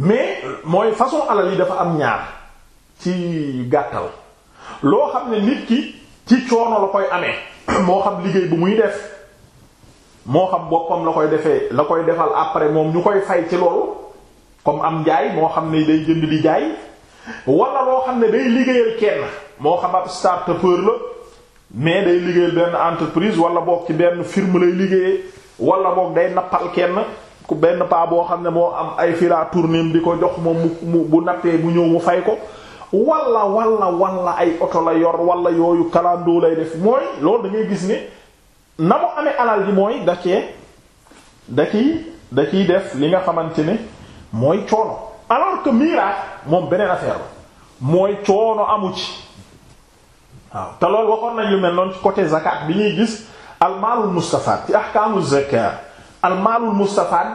mais mooy façon alal yi dafa am ñaar ci gàttal loo xam ne nit ki ci coono la koy amee moo xam liggéey bi muy def moo xam boppam la koy defee la koy defal après moom ñu koy fay ci loolu comme am njaay moo xam ne day jënd di jaay wala loo xam ne day liggéeyal kenn moo xam ab start-upeur la mais day liggéeyal benn entreprise wala boog ci benn firme lay liggéeyee wala boog day nappal kenn ku benn paa boo xam ne moo am ay fila tournim di ko jox moom mu bu nappee bu ñëw mu fay ko wala wala wala ay oto la yor wala yooyu kalandoo lay def mooy loolu da gis ne na mu amee alal ji mooy da cee da ciy def li nga xamante ne mooy coono alors que miraas moom beneen affaire la mooy coono amu ci waaw te loolu waxoon nañ lu mel noonu ci côté zakat bi ñuy gis almaalul mustafaat ci ahkaamul zakat almaalul mustafaat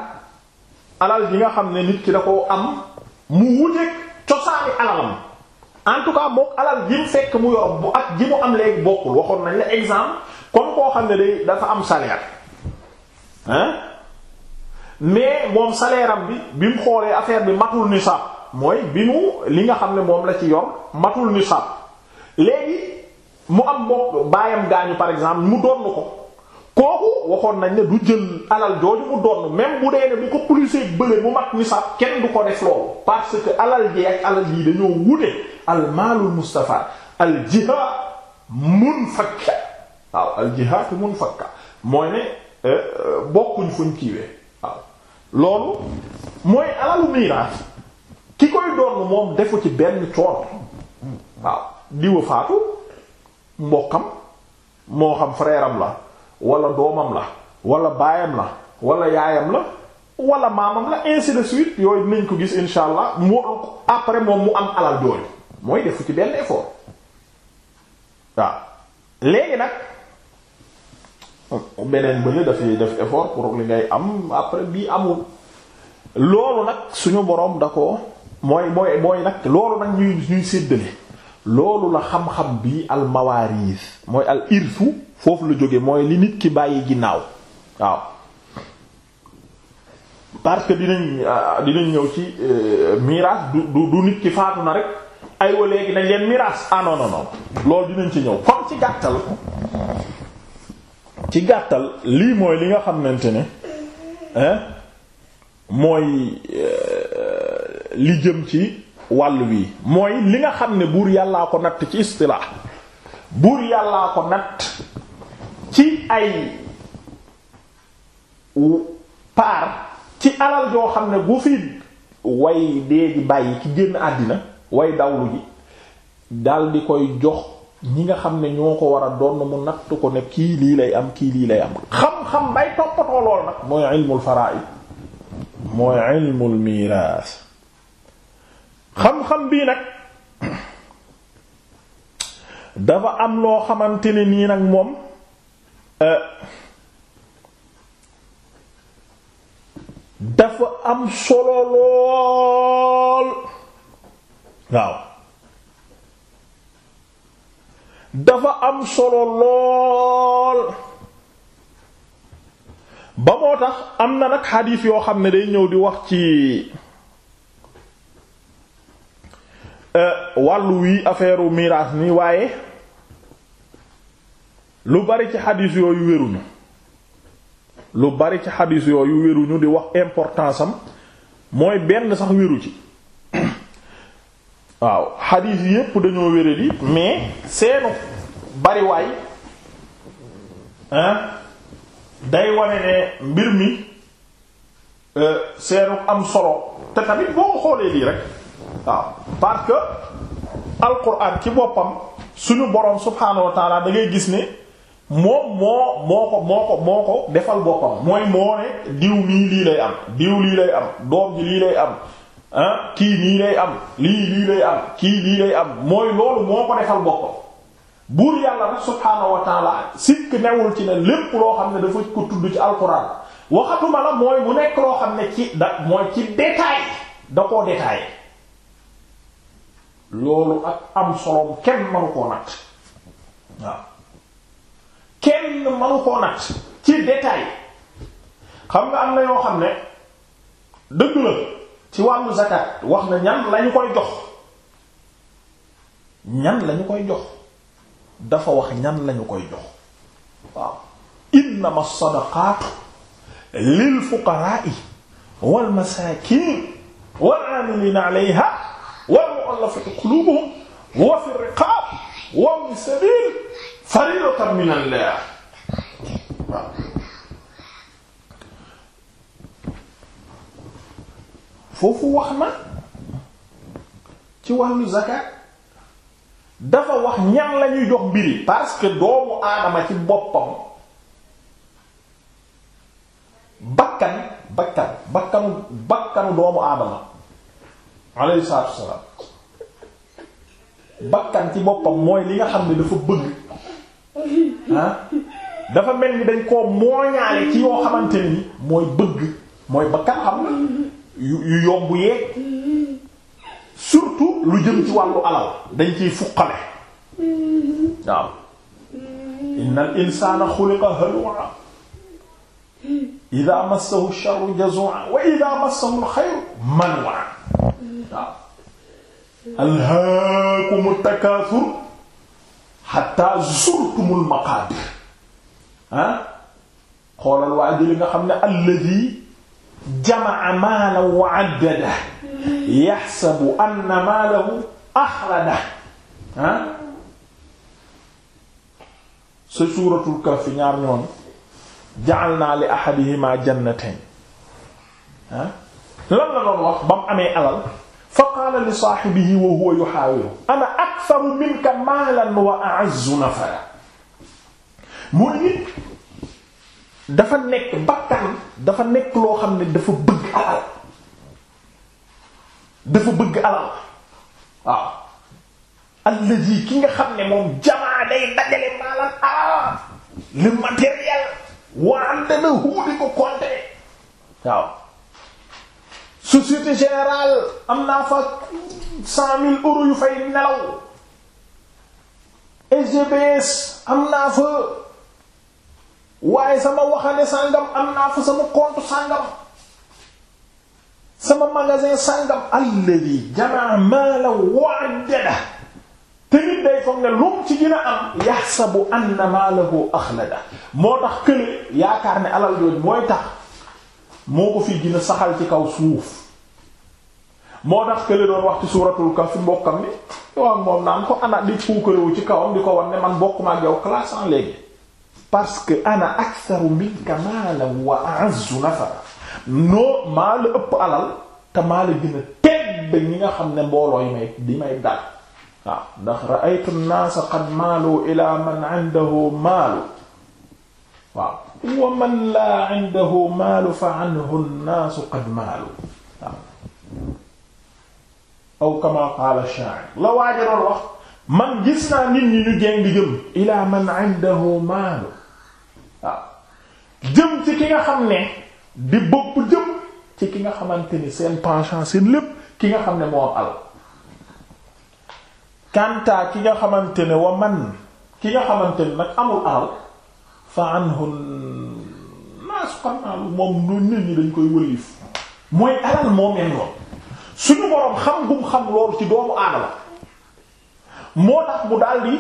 alal ji nga xam ne nit ki da ko am mu wuteeg cosaani alalam en tout cas alal ji mu fekk mu yor ak ji mu am léegi bokkul waxoon nañ la exemple kon koo xam ne day dafa am salaire hein mais moom salaire am bi bi mu xoolee affaire bi matul nisaab mooy bi mu li nga xam ne moom la ci yoon matul nisaab léegi mu am mbokk baayam gaañu par exemple mu donn ko kooku waxoon nañ ne du jël alal jooju mu donn même bu dee ne bu ko plus bële mu mat nisaab kenn du ko def loolu parce que alal ji ak alal yi dañoo wute al maalul mustafa al jiha waaw aljihaatu mun fakka mooy ne euh, euh, bokkuñ fuñ kiiwee waaw loolu mooy alalu miraas ki koy doon moom defu ci benn coon waaw diwa faatu mbokkam moo xam frère la walla doomam la wala baayam la wala yaayam la wala maamam la ainsi de suite yooyu nañ ko gis insha allah mu après moom mu am alal jooju mooy defu ci benn effort waaw léegi nag beneen bële dafay def effort pour li ngay am après bii amul loolu nag suñu boroom da ko mooy mooy mooy nag loolu nag ñuy séddale loolu la xam-xam bi al mawaris mooy al irsu foofu la jóge mooy li nit ki bàyyi ginnaaw waaw parce que dinañ ah, dinañ ñëw ci euh, miraas du du nit ki faatu na rek aywa léegi nañ leen miraas ah non loolu dinañ ci ñëw comme ci gàttal ci gàttal lii mooy li nga xamante ne mooy euh, li jëm ci wàll wi mooy li nga xam ne buur yàllaa ko natt ci istilaax buur yàllaa ko natt ci ay paar ci alal yoo xam ne bu fi way dee ji bàyyi ki génn àddina way dawlu ji dal di koy jox ñi nga xam ne ñoo ko war a doon mu natt ko ne kii lii lay am kii lii lay am xam-xam bay toppatoo lool nag mooy ilmul xam-xam bii nag dafa am loo xamante ne nii nag moom euh, dafa am solo lool waaw dafa am solo lool ba moo tax am na nag xadiis yoo xam ne day ñëw di wax ci euh, wàllu wi affaire u miraas ni waaye lu bari ci xadiis yooyu wéruñu lu bari ci xadiis yooyu wéruñu di wax importance am mooy benn sax wéru ci waaw xadiis yépp dañoo wéradi mais seenu bariwaay hein day wane ne mbir mi euh, seenu am solo te tamit boo xoolee lii rek waaw parce que alquran ci boppam suñu borom subhaanahu wa taala gis ne moom moo moo ko moo ko moo ko defal boppam mooy moo ne diw mii lii lay am diw lii lay am doom ji lii lay am Ah, kii nii lay am lii lii lay am kii lii lay am mooy loolu moo ko defal boppam buur yàlla rek subhaanahu wa sikk newul ci ne lépp loo xam ne dafa ko tudd ci alxuraan waxatuma la mooy mu nekk loo xam ne ci da ci détail am soloom kenn manu koo nat waaw kenn xam nga am na yoo xam ne dëgg la ci wàllu zakat wax na ñan lañu koy jox ñan lañu koy jox dafa wax ñan lañu koy jox waaw innama sadaqaatu lil fuqara'i wal masaakin wal 'amilina 'alayha wal mu'allafati qulubuhum wa fi riqab wa fi sabil fariidatan min Allah waaw foofu wax na ci wàllu zakat dafa wax ñan la ñuy jox mbiri parce que doomu aadama ci boppam bakkan bakkan bakkanu doomu aadama alayhi bakkan ci boppam mooy li nga xam ne dafa bëgg ah, dafa mel ni dañ koo mooñaale ci yoo xamante ni mooy bëgg mooy bakkan xam na yu yomb yeeg surtout lu jëm ci wàllu alal dañ ciy fuqale waaw innal insaana xuliqa halu'a ida massahu sharru jazu'a wa ida massahu alxayru manwa waaw alhaakumu takaasur hatta zurtumul maqaabir ah xoolal waa ji li nga xam ne alladi jamaa maalahu wa addada yaxsabu anna maalahu axrada ah sa suuratul kahf ñaar ñoon ja'alna li ahadihima jannatayn ah lan la doon wax ba mu amee alal fa qaala li saahibihi wa huwa yuhaawiru ana aktharu minka maalan wa a'azzu nafara dafa nekk bakkan dafa nekk loo xam ne dafa bëgg alal dafa bëgg alal waaw allazi ki nga xam ne moom jamaa day dajale maalan alal ah, le matériel waan dana huudi ko compter waaw société générale am naa fa cent mille euros yu fay nelaw SGBS am naa fa waaye sama waxane sàngam am naa fa sama compte sàngam sama magasin sàngam alladi jamaa maala wa'dada te nit day foog ne lum ci gën a am yaxsabu anna maalahu axlada moo tax kële yaakaar ne alal jooju mooy tax moo ko fi gën a saxal ci kaw suuf moo tax kële doon wax ci suuratul kahf mbokkam ni yow moom naan ko ana di puukarewu ci kawam di ko wan ne man bokk ma ak yow classe léegi parce que ana aktharu minka maalan wa a'azzu nafara noo maa la ëpp alal te maa la gën a tedd ñi nga xam ne mbooloo yi may di may dal waaw ndax ra'aytu an-naasa qad maalu ila man 'indahu maalu waaw wa man laa 'indahu maalu fa 'anhu an-naasu qad maalu waaw aw kama qaala ash-shaa'ir la waajaroon wax man gis naa nit ñi ñu jéng jëm ila man 'indahu maalu waaw jëm ci ki nga xam ne di bopp jëm ci ki nga xamante ni seen penchant seen lépp ki nga xam ne moom am alal kantaa ki nga xamante ne wa man ki nga xamante ne nag amul alal fa anhu naas xamnaalu moom noonu nit ñi dañ koy wëlif mooy alal moo mel noonu suñu boroom xam gum xam loolu ci doomu aadama moo tax mu daldi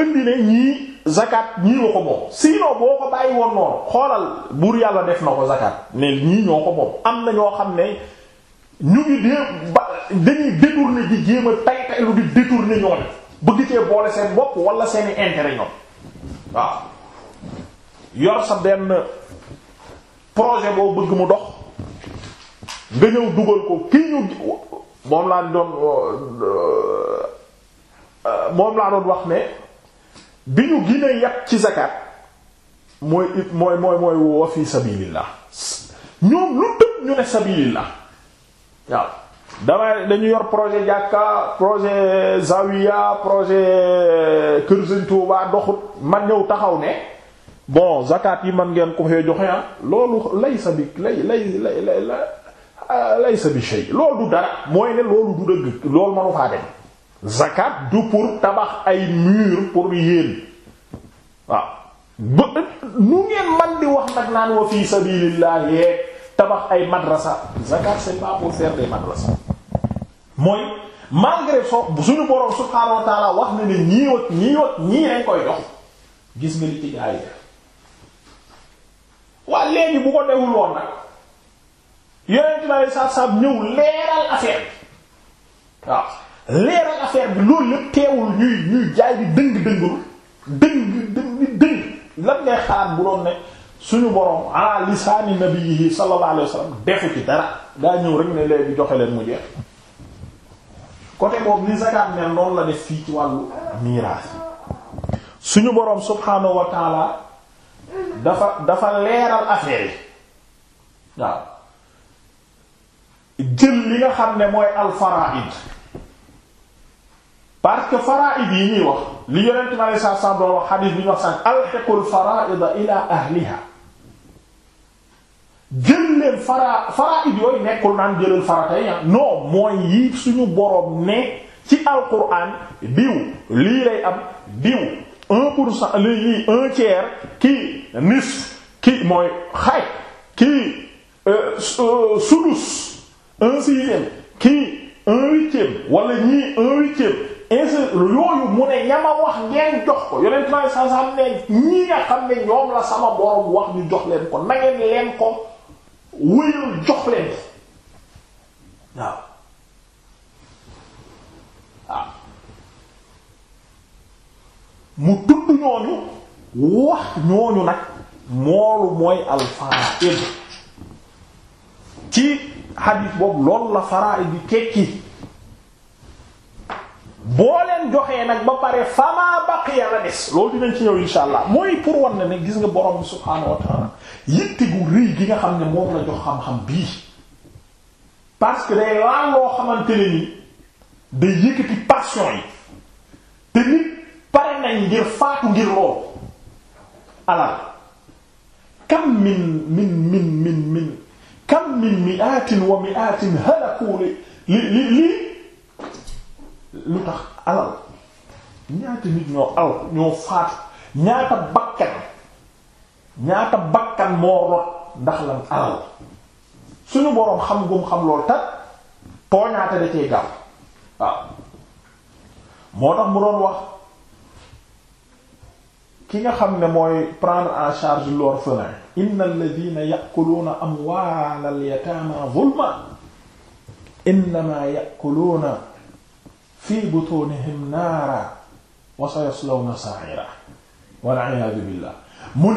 indi ne ñii zakat ñii wa ko moom sinon boo ko bàyyi noonu xoolal buur yàlla def na ko zakat ne ñii ñoo ko moom am na ñoo xam ne ñu ngi dee ba dañuy détourner di jéem a tay taylu di détourner ñoo bëgg cee boole seen bopp wala seeni intérêt ñoom waaw yor sa benn projet boo bëgg mu dox nga ñëw dugal ko kii ñu moom laa doon euh, euh, moom laa doon wax ne bi ñu gën a ci zakat mooy mooy mooy mooy wa fi sabilillah ñoom lu tëb ñu ne sabilillah waaw damay dañu yor projet jàkka projet zawiya projet kër Sëriñ Tuubaa doxut man ñëw taxaw ne bon zakat yi man ngeen ko fee joxe ah loolu laysa bi lay lay lay lay laysa bi lay loolu du dara mooy ne loolu du dëgg loolu manu faa dem zakat du pour tabax ay mur pour yéen waaw ba nu ngeen man di wax nag naan wa fi sabilillah tabax ay madrasa zakat c'est pas pour faire des madrasa mooy malgré soo suñu boroom subhaanahu wax na ne wat ñii wat ñii dañ koy dox gis nga li ci gaay waa léegi bu ko deful nag yonent bi alei satu ñëw leeral affaire bi waaw leeral affaire bi loolu lépp teewul ñuy ñuy jaay di dëng dëngul dëng dëng dëng lan ngay xalaat bu doon ne suñu borom ala lisaani nabiyhi sallallahu alayhi wasallam defu ci dara daa ñëw rek ne léegi joxe leen mu jeex côté boobu ni zakat mel noonu la def fii ci wàllu miraas suñu boroom subhaanahu wa taala dafa dafa leeral affaire yi waaw jël li nga xam ne mooy alfaraid parce que faraa'id yi ñuy wax li yonent mi alayhi salaatu wax xadiis bi ñu wax sànq alxiqul faraa'ida ila ahliha jël leen fara faraa'id yooyu nekkul naan jëlal farata ya ah, non mooy yi suñu boroom ne ci alquran diw lii lay am diw un pour cent lii un tiers kii nis kii mooy xaaj kii euh, sudus euh, un sixième kii un huitième wala ñii un huitième incha yooyu mu ne ñama wax ngeen jox ko yeneen la sama borom wax ñu jox leen ko na leen ko wéyal jox leen waaw mu tudd ñooñu wax ñooñu nag moolu mooy alfaraid ci xadiis boobu loolu la faraid bi tekki. boo leen joxee nag ba pare fama baqiya la des loolu dinañ ci ñëw insha allah mooy pour wan na ne gis nga borom bi subhaanahu wa yitte gu rëy gi nga xam ne moom la jox xam-xam bii parce que day laal loo xamante ne ni day yëkkati passion yi te nit pare nañ ngir faatu ngir loolu alal kam min min min min kam min mi'atin wa mi'atin halaku li li lu tax alal ñaata nit ñoo al ñoo faatu ñaata bakkan ñaata bakkan moo rot ndax lan alal suñu boroom xam gum xam loolu tax tooñaate da cee gaaw waaw moo tax mu doon wax ki nga xam ne mooy prendre en charge l'orphelin inna alladhina ya'kuluna amwalal yatama zulma innama ya'kuluna fii butunihim naara wa sayaslawna sa'ira wal iyaadu billah mu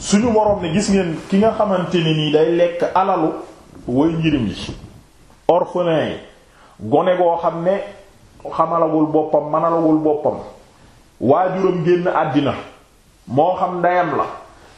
suñu boroom ne gis ngeen ki nga xamante ne nii day lekk alalu way njirim yi orphelin yi gone goo xam ne xamalagul boppam manalagul boppam waajuram génn àddina moo xam ndeyam la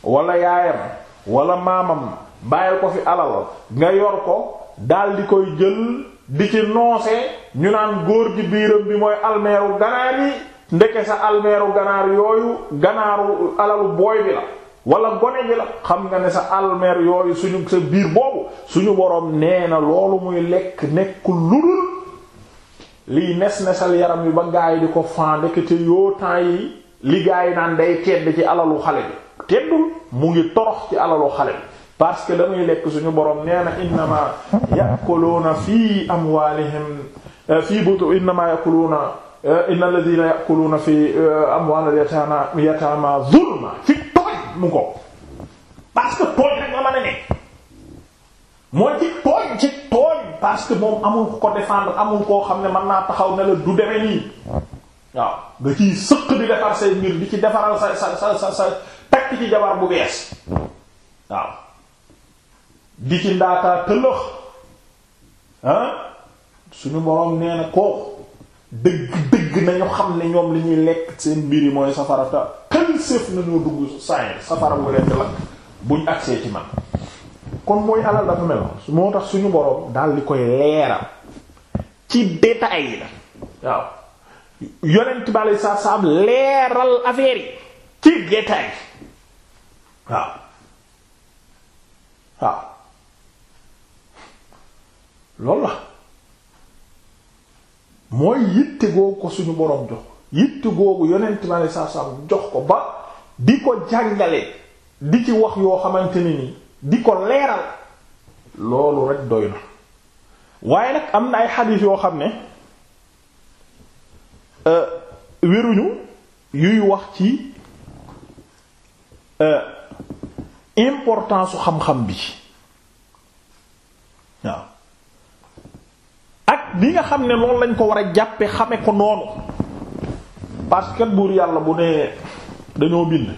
wala yaayam wala maamam bàyyi ko fi alal nga yor ko dal di koy jël di ci noose ñu naan góor gi biiram bi mooy almeeru ganaar yi ndeke sa almeeru ganaar yooyu ganaaru alalu booy bi la wala gone gi la xam nga ne sa almeer yooyu suñu sa biir boobu suñu boroom nee na loolu muy lekk nekk ludul liy nes nesal yaram wi ba gaay di ko fen ndekete yoo temps yi li gaay naan day tedd ci alalu xale bi teddul mu ngi torox ci alalu xale bi parce que dañuy lekk suñu borom nee na innama ya'kuluna fi amwalihim euh, fi butu innama ya'kuluna euh, inna alladhina ya'kuluna fi euh, amwalil yatama yatama zulma fi tooñ mu ko parce que tooñ rek nga mën a ne mooy ci tooñ ci tooñ parce que moom amul ko défendre amul koo xam ne mën naa taxaw ne la du deme nii waaw nga ciy sëq di defar say mbir di ci defaral sa sa sa sa takk ci jabar bu bees waaw di ci ndaataa tëlëx ah, suñu boroom nee na kooku dëgg dëgg nañu xam ne ñoom li ñuy lekk seen mbir yi mooy safara ta kël séef nañoo dugg saay safara bu leen di buñ agsee ci man kon mooy alal dafa mel moo tax suñu boroom daal di koy leeral ci détail yi la waaw yonent bi alei saatu salaam leeral affaire yi ci détail waaw waaw loolu la mooy yitte googu ko suñu boroom jox yitte googu yonent ma ne saab-saab jox ko ba di ko jàngale di ci wax yoo xamante ni nii di ko leeral loolu rek doy na waaye nag am na ay xadiis yoo xam ne euh, wéruñu yuy wax ci euh, importance su xam-xam bi li nga xam ne loolu lañ ko war a jàppe xame ko noonu parce que buur yàlla bu ne dañoo bind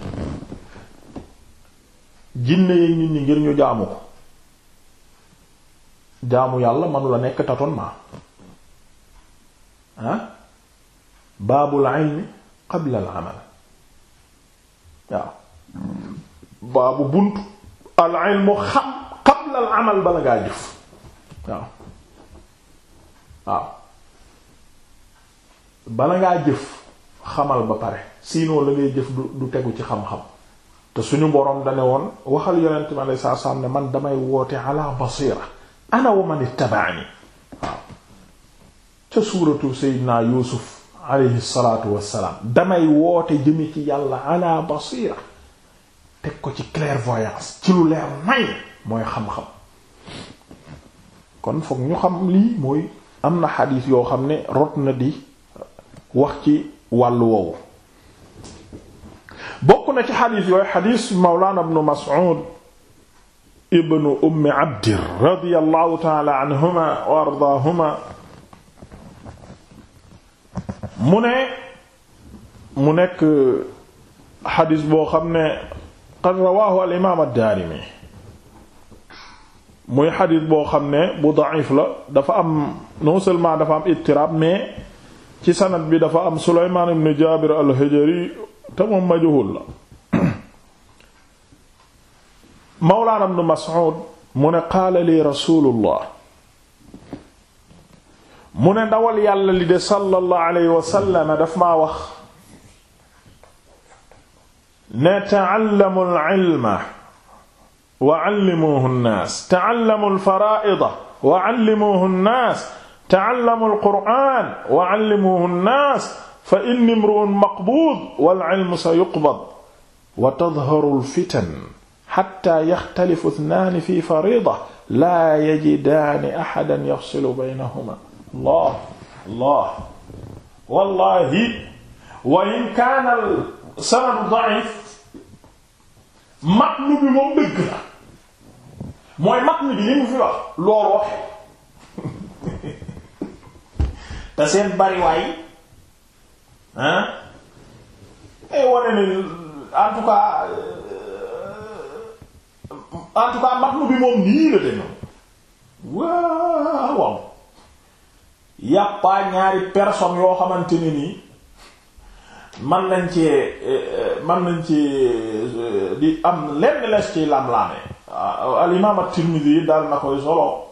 jinne yeeg nit ñi ngir ñu jaamu ko jaamu yàlla manula nekk tâtonnement ah baabul ilmi qabla al amal waaw xam qabla al amal bala ngaa jëf waaw waaw bala ngaa jëf xamal ba pare sinon la ngay jëf du tegu ci xam-xam te suñu boroom dane woon waxal yonent mi alei saatu salaam man damay woote ala basira ana wa man ittaba'ani waaw ca suuratu seydina yuusuf aleyhi salaatu wassalaam damay woote jëme ci yàlla ala basira teg ko ci clairvoyance ci lu leer may mooy xam-xam kon fokk ñu xam lii mooy am na xadiis yoo xam ne rot na di wax ci wàllu woowu bokk na ci xadiis yooyu xadiis mawlaana ibnu Mas'ud ibnu ummi abdir radiyallahu taala anhuma wa ardaahuma mu ne mu nekk xadis boo xam ne qad rawaahu al imaam ad-Daarimi muy xadis boo xam ne bu da'if la dafa am non seulement dafa am ittirab mais ci sanad bi dafa am Sulaymaan ibn Jaabir al-Hajari te moom majhul la Mawlaana ibn Mas'ud mu ne qaala li Rasuulullah mu ne ndawal yàlla li de sallallahu alayhi wa sallam daf maa wax ne ta'allamu al-ilma wa 'allimuhu an-naas ta'allamu al-faraa'ida wa 'allimuhu an-naas ta'allamu al-qur'aan wa 'allimuhu an-naas fa inni imru'un maqbuud wal-'ilmu sayuqbad wa tadharu al-fitan hatta yaxtalifu ithnaani fi fariida laa yajidaani ahadan yafsilu baynahumaa Allah Allah wallaahi wa in kaana al-sanadu da'iif matn bi moom dëgg la mooy matn bi li mu fi wax loolu wax te seen bariwaay ah eh, ay wane ne en tout euh, mu bi moom nii la de ñoom waaw waaw yàppaa ñaari personnes yoo xamante ni nii man nañ ci euh, man nañ ci euh, di am lenn les ci lam-laame ah, al imam at-Tirmidhi na koy solo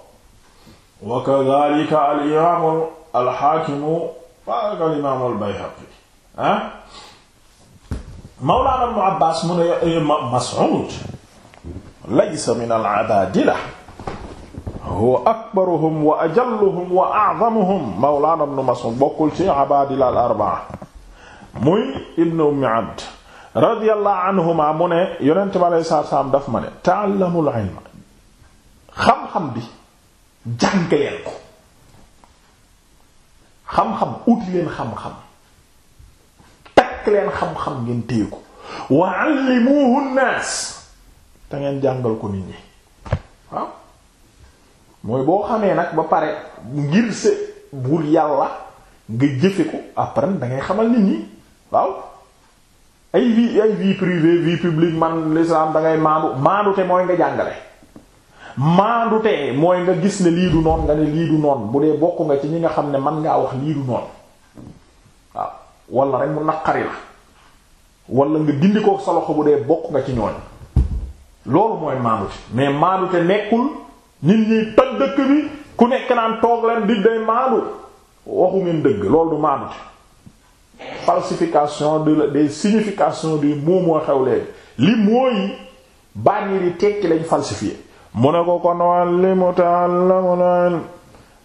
wa kadhalika al imam alxaakimu waaye ak alimaam albayhaqi ah mawlaana ibnu abbaas mu ne eh, mas'uud laysa min alabaadila huwa akbaruhum wa ajalluhum wa a'zamuhum mawlaana ibnu mas'uud bokkul ci abaadila al arbaa muy ibnu ummi abd radiyallahu anhuma mu ne yonent bi alayhi salaatu salaam daf ma ne ta'allamul ilma xam-xam bi jàngaleel ko xam-xam uti leen xam-xam takk leen xam-xam ngeen téye ko wa allimuhu naas te ngeen jàngal ko nit ñi waaw mooy boo xamee nag ba pare ngir se bul yàlla nga jëfe ko après da xamal nit ñi waaw ay vie ay vie privée vie publique man l'islam da ngay maandu maandu te mooy nga jàngale maandu te mooy nga gis ne lii du noon nga ne lii du noon bu dee bokk nga ci ñi nga xam ne man ngaa wax lii du noon waaw wala rek mu naqari la wala nga dindi ko sa loxo bu dee bokk nga ci ñooñ loolu mooy maanute mais maanute nekkul nit ñi toj dëkk bi ku nekk naan toog leen di day maandu waxu ngeen dëgg loolu du maanute falsification de des significations du mot moo xew léegi li mooy baat yi tekki lañ falsifié mu ne ko kon wàllimu taallamul ilm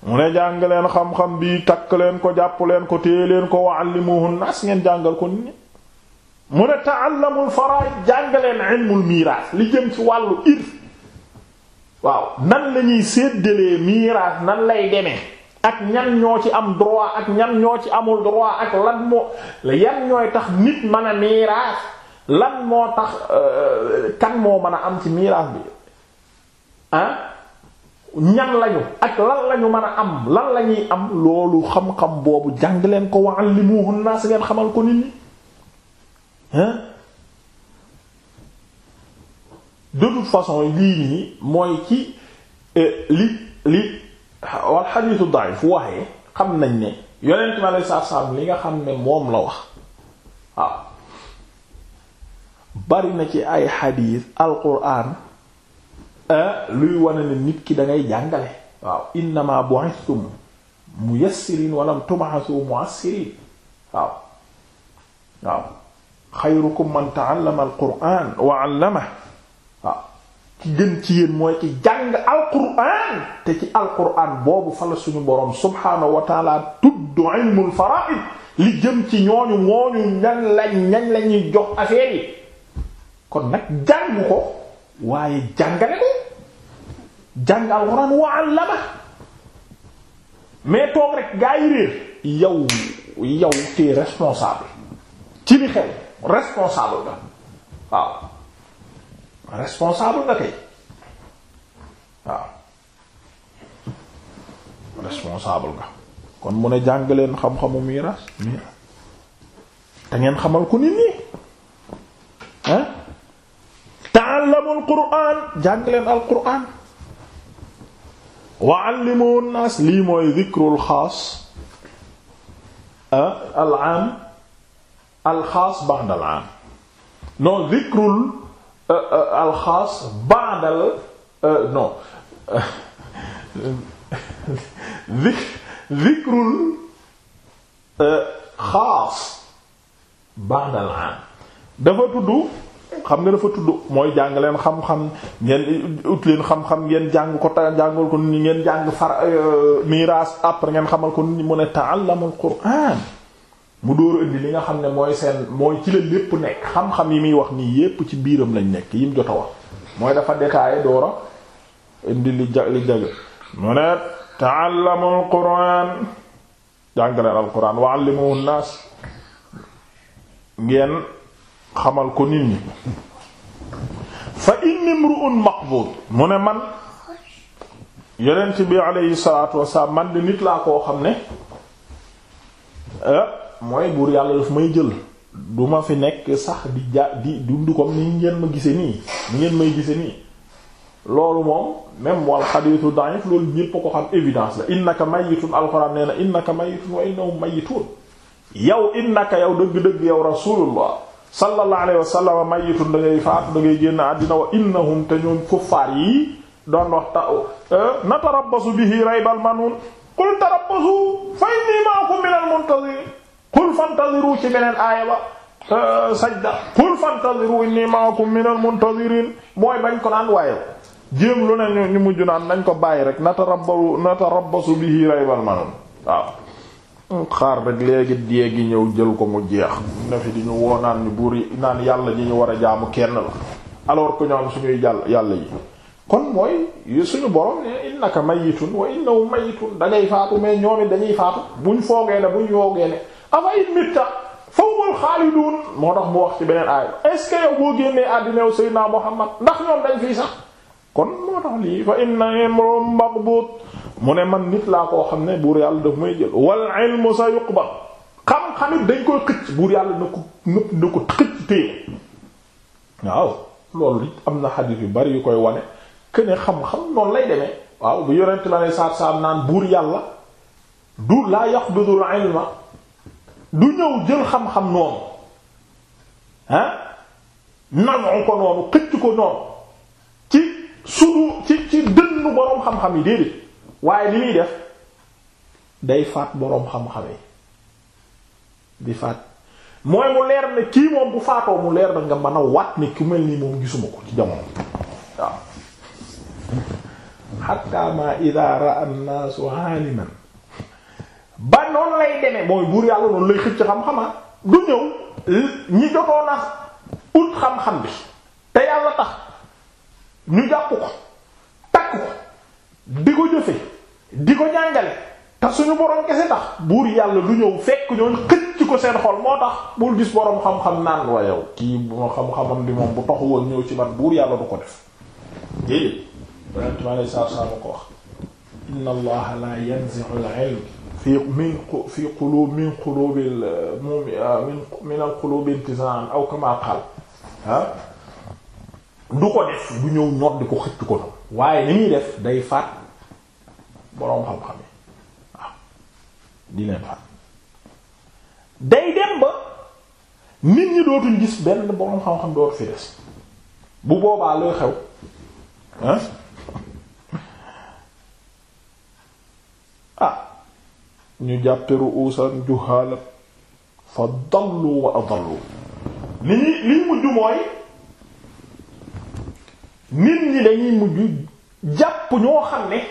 mu ne jàng leen xam-xam bii takk leen ko jàpp leen ko téye leen ko wàllimuhu naas ngeen jàngal ko nit ñi mu ne taallamul faraa'id jàng leen li jëm ci wàllu waaw nan la ñuy séddalee miiraas nan lay demee ak ñan ñoo ci am droit ak ñan ñoo ci amul droit ak lan moo tax nit mën a miiraas lan moo tax euh, kan moo mën a am ci miiraas bi ah ñan lañu ak lan lañu mën a am lan la ñuy am loolu xam-xam boobu jàng leen ko wa allimuhun naas ngeen xamal ko nit ñi hein de toute façon lii nii mooy ci eh, li li wal xadiisu daif waxee xam nañ ne yonent ma lay saab-saab li nga xam ne moom la wax waaw bari na ci ay xadiis al quraan Euh, luy wane ne nit ki da ngay jàngale waaw innama bu'ithtum walam tub'athu mu'assirin waaw waaw xayrukum man ta'allama al-qur'an wa 'allamahu waaw ki gën ci yéen mooy ki jàng al te ci al boobu fa suñu boroom subhaanahu wa ta'ala tudd 'ilmul li jëm ci ñooñu mooñu ñan lañ ñan lañuy jox affaire yi kon nag jàng ko waaye jàngale ko jàng alxuraan wa allama mais toog rek gaa yi réer yow yow t'es responsable ci li xew responsable nga waaw responsable nga kay waaw responsable nga kon mu ne jàng leen xam-xamu miiras te ngeen xamal ko nit ñi hein ta'allamul qur'aan jàng leen al qur'aan wa allimu naas lii mooy dhikrul xaas ah, ah, al aam ah, al xaas ba'da al aam non dhikrul al xaas ba'da al non dhikrul xaas ba'da al aam dafa tudd xam nga dafa tudd mooy jàng leen xam-xam ngeen ut leen xam-xam ngeen jàng ko ta jàngal ko ni ngeen jàng far euh, miraas après ngeen xamal ko ni mu ne ta'allamul qur'an mu dóoru indi li nga xam ne mooy seen mooy ci la lépp nekk xam-xam yi muy wax nii yépp ci biiram lañ nekk yim jot a wax mooy dafa détaillé doora indi li ja li jag mu ne ta'allamul qur'an jàng leen al qur'an wa 'allimuhu an-nas ngeen xamal ko nit ñi fa inni imru'un maqbud mu ne man yonent bi alayhi salaatu wasalaam man di nit laa koo xam ne eh, mooy buur yàlla daf may jël du ma fi nekk sax di ja di dund comme ni ngeen ma gise nii ni may gise nii loolu moom même wal xadiitu da'if loolu ñépp ko xam évidence la innaka mayitun alxuraan nee na innaka mayitun wa innahum mayitun yow innaka yow dëgg-dëgg yow rasulullah sallallahu alayhi wa sallam mayitun da ngay faatu da ngay génn àddina wa innahum te ñoom kuffaar yi doon wax ta euh, natarabbasu bihi raybal manuun qul tarabbasu fa inni ma'akum minal muntazirin qul fantaziru beneen aaya ba euh, sajda qul fantaziru inni ma'akum minal muntazirin mooy bañ ko naan waaye jéem lu ne ñu mujj naan nañ ko bàyyi rek natarabbasu natarabbasu bihi raybal manuun xaar rek léegi dee gi ñëw jël ko mu jeex na fi di ñu woo naan ñu buur yi naan yàlla ji ñu war a jaamu kenn la alors que ñoom suñuy jàll yàlla yi kon mooy suñu borom ne innaka mayitun wa innahu mayitun da ngay faatu mais ñoom dañuy faatu buñ foogee ne buñ yoogee ne afa in mitta fa humul xaalidun moo tax mu wax ci beneen aaya est-ce moo yow boo génnee àddina Seydina Muhammad ndax ñoom dañ fii sax kon moo tax lii fa inna imrum maqbut mu ne man nit laa koo xam ne buur yàlla daf may jël wal ilmu sa yuqbal xam-xamit dañ koy xëcc buur yàlla na ko na ko xëcc téye waaw loolu am na xadiis yu bari yu koy wane que xam-xam noonu lay demee waaw bu yonent la ne saat saat naan buur yàlla du laa yaqbidul ilma du ñëw jël xam-xam noonu ah nanu ko noonu xëcc ko noonu ci sunu ci ci dënnu boroom xam-xam yi déedéet waaye li muy def day faat boroom xam-xamee di faat mooy mu leer ne kii moom bu faatoo mu leer na nga mën a wat ne ku mel nii moom gisuma ko ci jamono waaw hatta ma idha ra'a ba noonu lay demee mooy buur yàlla noonu lay xëcc xam-xama du ñëw ñi jotoon ut xam-xam bi te yàlla tax ñu jàpp ko takk ko di ko jëfe di ko jàngale te suñu borom kese tax buur yàlla du ñëw fekk ñooñu xëcc ko seen xol moo tax bul gis borom xam-xam naan wa yow kii moo xam-xamam bi moom bu taxu woon ñëw ci man buur yàlla du ko def la yanzi'u al-'ilm aw kama qala ah du ko ñëw ñor di ko xëcc ko waaye ni muy def day faat boroom xam-xam yi waaw di leen faat day dem ba nit ñi dootuñ gis benn boroom xam-xam dootu fi bu boobaa looy xew ah ah ñu jàppe ru'usan juhaala fa dallu wa adallu li ñuy li mujj mooy nit ñi dañuy mujj jàpp ñoo xam ne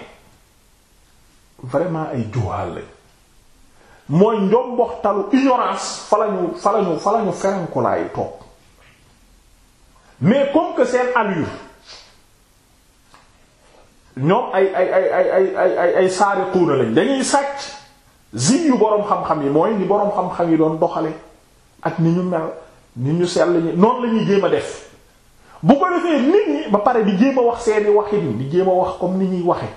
vraiment ay juwaal lañ mooy njomboxtalu ignorance fa lañu fa lañu fa lañu ferankulaayu toog mais comme que seen allure ñoom ay ay ay ay ay ay ay saari xuuna lañ dañuy sàcc zi yu boroom xam-xam yi mooy ni boroom xam-xam yi doon doxale ak ni ñu mel ni ñu sell ñi noonu la ñuy jéem a def bu ko defee nit ñi ba pare bi jéem a wax seeni waxit jéem a wax comme ni ñuy waxe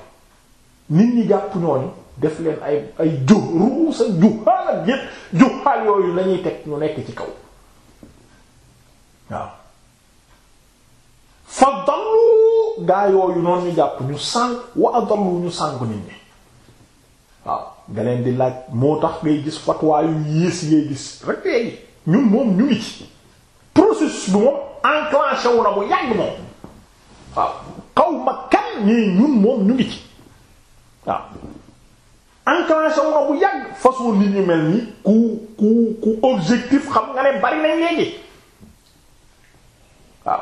nit ñi jàpp ñooñu def leen ay ay ju ruusa juhaal ak yépp juhaal yooyu lañuy teg ñu nekk ci kaw waaw fa dallu gaa yooyu noonu jàpp ñu sànq wa adallu ñu sànq nit ñi waaw nga leen di laaj moo tax ngay gis fatwaa yu yées ngay gis rek léegi ñun moom ñu ngi ci processus bi moom enclenché wu na bu yàgg moom waaw xaw ma kan ñii ñun moom ñu ngi ci waaw enclenché wu na bu yàgg façon nit ñu mel ni ku ku ku objectif xam nga ne bari nañ léegi waaw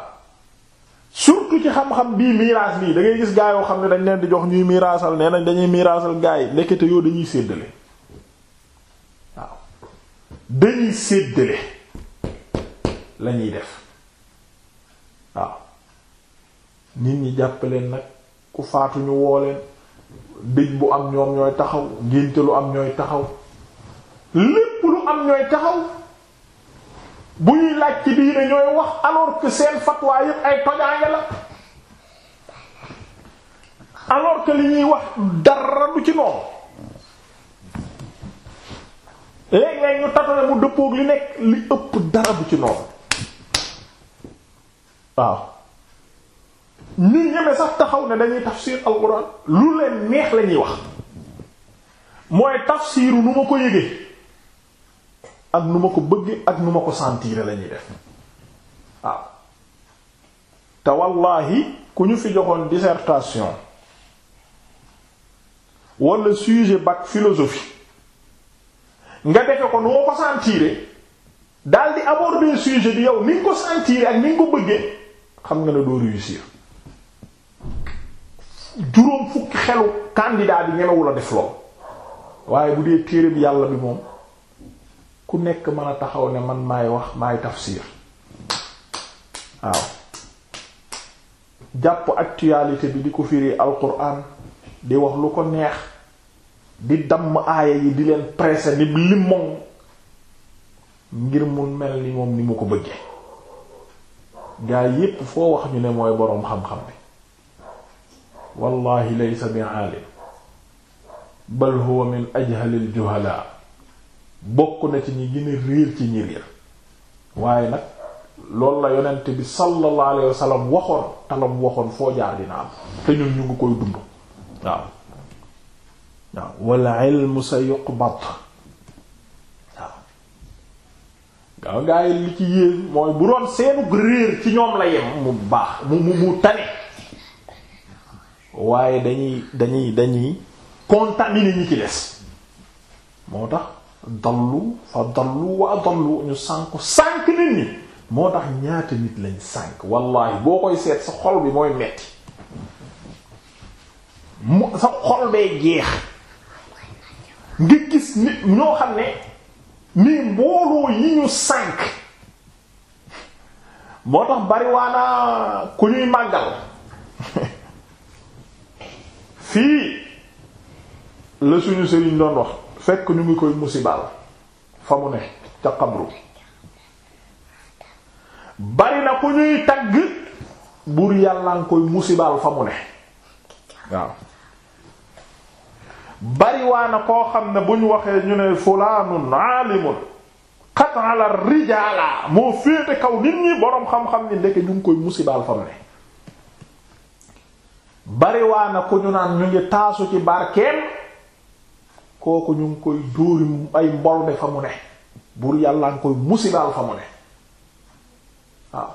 surtout ci xam-xam bii miraas bii dangay gis gaa yoo xam ne dañ leen di jox ñuy miraasal nee nañ dañuy miraasal gaa yi ndekete dañuy séddale waaw dañuy séddale lañuy def waaw nit ñi jàpp leen nag ku faatu ñu woo leen dëj bu am ñoom ñooy taxaw ngénte lu am ñooy taxaw lépp lu am ñooy taxaw bu ñuy laaj ci diine ñooy wax alors que seen fatwa yépp ay tojaange la alors que li ñuy wax dara du ci noonu léeg-léeg ñu tatale mu dëppoog li nekk li ëpp dara du ci noonu waaw ñu ñeme sax taxaw ne dañuy tafsir alxuraan lu leen neex la ñuy wax mooy tafsiru nu ma ko yëgee ak nu ma ko bëggee ak nu ma ko sentir la ñuy def waaw te wallaahi ku ñu fi joxoon dissertation wala sujet bac philosophie nga defe ko nu ma ko sentir daal di aborder sujet bi yow ni ko sentir ak ni nga ko bëggee. xam nga ne doo réussir juróom fukki xelu candidat bi ñemewul a def lool waaye bu dee téere yàlla bi moom ku nekk mën a taxaw ne man maay wax maay tafsir waaw jàpp actualité bi di ko firi alquran di wax lu ko neex di damm aaya yi di leen pressé ni limon ngir mun mel ni moom ni mu ko bëggee gaa yépp foo wax ñu ne mooy boroom xam-xam bi wallahi laysa bi aalim bal huwa min ajhalil juhala bokk na ci ñi gën a ci ñi réer waaye nag loolu la yonent bi sallallahu alayhi wa waxoon talam waxoon foo jaar dina am te ñun ñu ngi koy dund waaw waaw wal ilmu sa yuqbat gaaw gaa yi li ci yéen mooy bu seenu seenug réer ci ñoom la yem mu baax mu mu mu tane waaye dañuy dañuy dañuy contaminer ñi ci des moo tax dallu fa dallu waa dallu ñu sànku sànk nit ñi moo tax ñaata nit lañ sànk wallahi boo koy seet sa xol bi mooy metti mu sa xol bee jeex nga gis nit ñoo xam ne mais mbooloo yi ñu sànk moo tax bariwaana ku ñuy màggal fii la suñu sëriñ doon wax fekk ñu ngi koy musibaal fa mu ne ca xabru bari na ku ñuy tagg buur yàlla nga koy musibaal fa mu ne waaw bariwaana koo xam ne bu ñu waxee ñu ne fulaanun aalimun xat la rijaala moo féete kaw nit ñi boroom xam-xam ni ndeke ñu ngi koy musibaal fam ne bariwaana ku ñu naan ñu ngi taasu ci barkeem kooku ñu ngi koy dóori ay mbol fa mu ne buur yàlla ngi koy musibaal fa mu ne waaw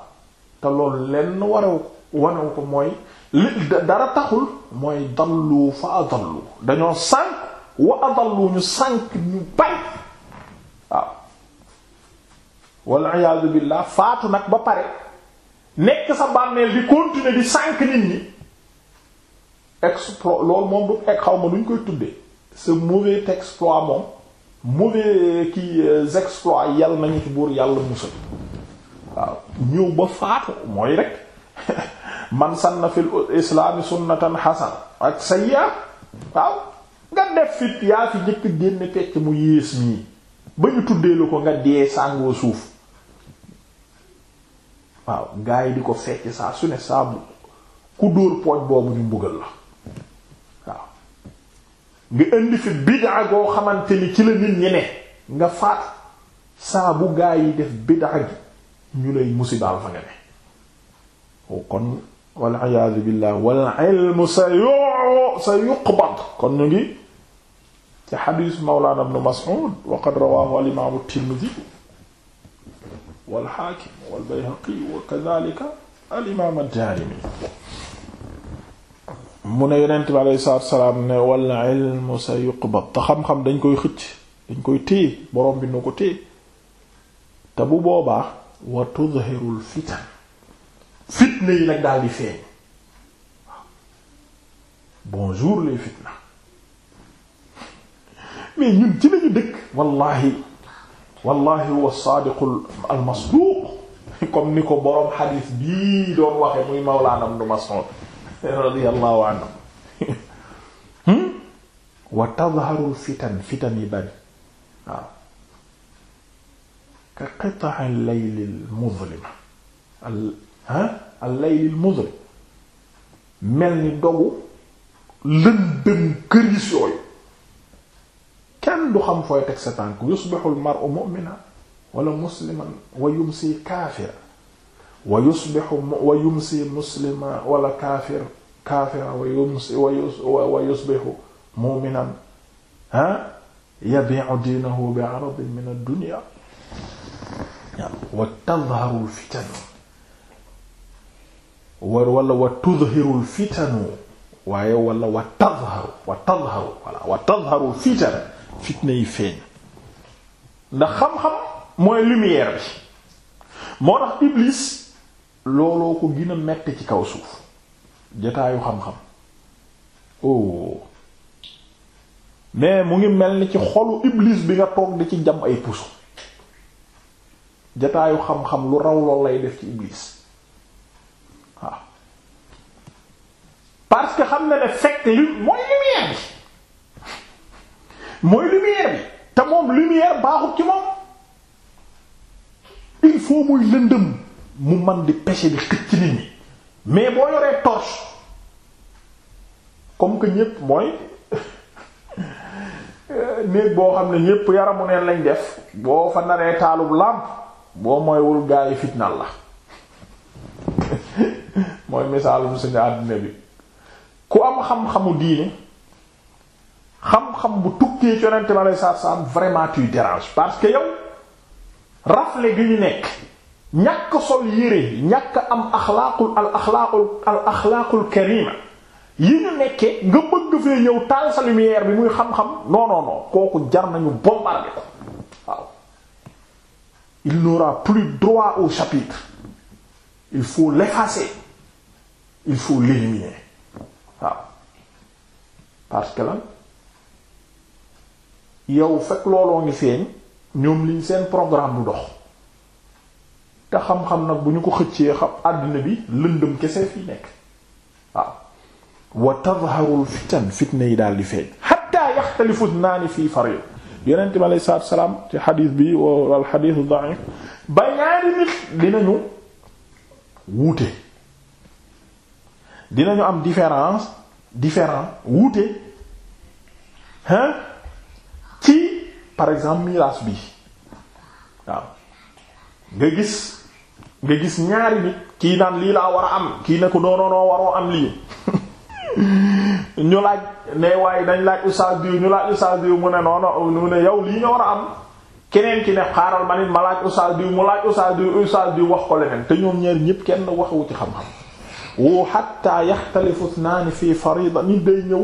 te loolu lenn warew wanew ko mooy li dara taxul mooy dallu fa adallu dañoo sànk wa adallu ñu sànk ñu bay waaw wal iyaadu billaah faatu nag ba pare nekk sa bàmmeel di continuer di sànk nit ñi exploit loolu moom du xaw ma lu koy tuddee ce mauvais exploit moom mauvais ki euh, exploit yal nañu ci buur yàlla musal waaw ñëw ba faatu mooy rek man sanna fil islaami sunnatan xasan ak sayyi'a waaw nga def fit yaa fi jëkk génne pecc mu yées mii ba ñu tuddee la ko nga dee sàngoo suuf waaw gaa yi di ko fecc saa su ne saa bu ku dóor pooj boobu ñu mbugal la waaw nga indi fi bid'a xamante ni ci la nit ñi ne nga faat saa bu gaa yi def bid'a ñu lay musibaal fa nga ne oh, kon wal iyaadu billah wal ilmu sa yu sa yuqbad kon ñu ngi ci xadiis mawlaana ibnu Mas'uud wa qad rawaahu al imaamu Tirmidi wal Haakim wal Bayhaqi wa kadaalika al imaam ad-Daarimi mu ne Yonent bi alayhi salaatu salaam ne wal ilmu sa yuqbad te xam-xam dañ koy xëcc dañ koy téye borom bi nu ko téye te bu boobaa wa tudhirul fitan fitna yi nag daal di feeñ waaw bonjour les fitna mais ñun ci lañu dëkk wallahi wallahi huwa saadiqul almasduq comme ni ko boroom xadiis bii doon waxe muy mawlaana ibn Mas'ud radiyallahu anhu hmm? wa tadharu fitan fitan yi bari waaw ka qita'il layli al muzlima ah al laylil muzlim mel ni dogu lëndëm këris yooyu kenn du xam fooy teg sa tànk yusbihu al mar'u mu'mina wala musliman wa yumsi kaafira wa yusbihu wa yumsi muslima wala kaafir kaafira wa yumsi wa yusbihu mu'minan ha yabi'u diinahu bi'aradin min ad-dunya wa tadharu al-fitan war wala wa tudhirul fitanu waaye wala wa tadharu wa tadharu wala wa tadharu fitan fitna yi feeñ ndax xam-xam mooy lumière bi moo tax iblis looloo ko gën a metti ci kaw suuf jataayu xam-xam oh mais mu ngi mel ni ci xolu iblis bi nga toog di ci jam ay puso jataayu xam-xam lu raw lool lay def ci iblis parce que xam na ne fekk li mooy lumière bi mooy lumière bi te moom lumière baaxut ci moom il faut muy lëndëm mu man di péché di xëcc nit ñi mais boo yoree torche comme que ñépp mooy euh, néeg boo xam ne ñépp yaramu neen lañ def boo fa naree taalub làmp boo mooywul gaa yi fitnal la mooy misaalum suñu àddina bi ku am xam-xamu diine xam-xam bu tukkee ci yonent ma lay saat saam vraiment dérange parce que yow rafle gi ñu nekk ñàkk sol yére ñàkk am axlaaqul al axlaaqul al axlaaqul karima yi ñu nekkee nga bëgg fee ñëw taal sa lumière bi muy xam-xam non non kooku jar nañu bombarder ko il n'aura plus droit au chapitre il faut l'effacer il faut l'éliminer parce que lan yow fekk looloo ngi feeñ ñoom liñ seen programme du dox te xam-xam nag bu ñu ko xëccee xam àddina bi lëndëm kese fi nekk waaw wa tadharul fitna yi daal di feeñ xatta yaxtalifu naani fii farid yonent bi aleyhi salaatu salaam ci xadiis bi wal xadiis da'if ba ñaari nit dinañu wuute dinañu am différence différent wuute hein ci par exemple miraas bi waaw nga gis nga gis ñaari nit kii naan lii laa war a am kii ne ko noonoonoo waroo am lii ñu laaj ne waaye dañ laaj ustaas diw ñu laaj ustaas diw mu ne noono mu ne yow lii nga war a am keneen ki ne xaaral ma nit ma laaj ustaas diw mu laaj ustaas diw ustaas diw wax ko leneen te ñoom ñaar ñépp kenn waxewu ci xam-xam wu xatta yaxtalifu snaani fii farida nit day ñëw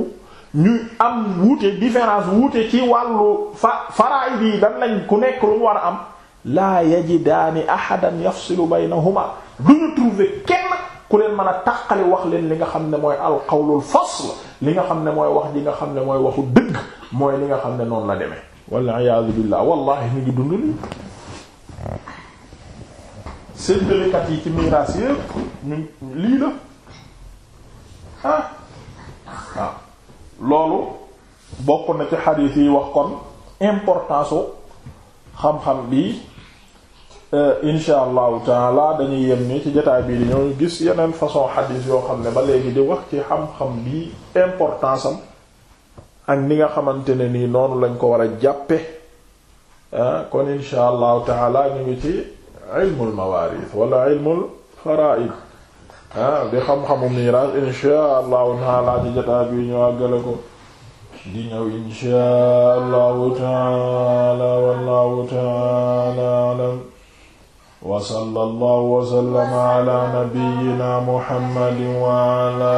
ñuy am wuute différence wuute ci wàllu fa faraid dan lañ ku nekk lu mu war a am laa yajidaani ahadan yafsilu baynahuma du ñu trouver kenn ku leen mën a tàqali wax leen li nga xam ne mooy alqawlul fasl li nga xam ne mooy wax ji nga xam ne mooy waxu dëgg mooy li nga xam ne noonu la demee wal iyaadu billah wallahi ñu ngi dund li séddalekat yi ci miraas yépp ñu lii la ah. ah loolu bokk na ci xadiis yi wax kon importance u xam-xam bi euh, insha allahu taala dañuy yem ni ci jotaay bii di gis yeneen façon xadiis yoo xam ne ba léegi di wax ci xam-xam bi importance am ak ni nga xamante ne nii noonu lañ ko war a jàppe ah. kon insha allahu taala ñu ngi ci ilmul mawaris wala ilmul fara'id ah di xam-xamu miraas insha allahu taala ci jataa bi ñu àggale ko di ñëw insha allahu taala wallahu taala alam wa sallallahu wa sallama ala nabiyyina muhammadin wa ala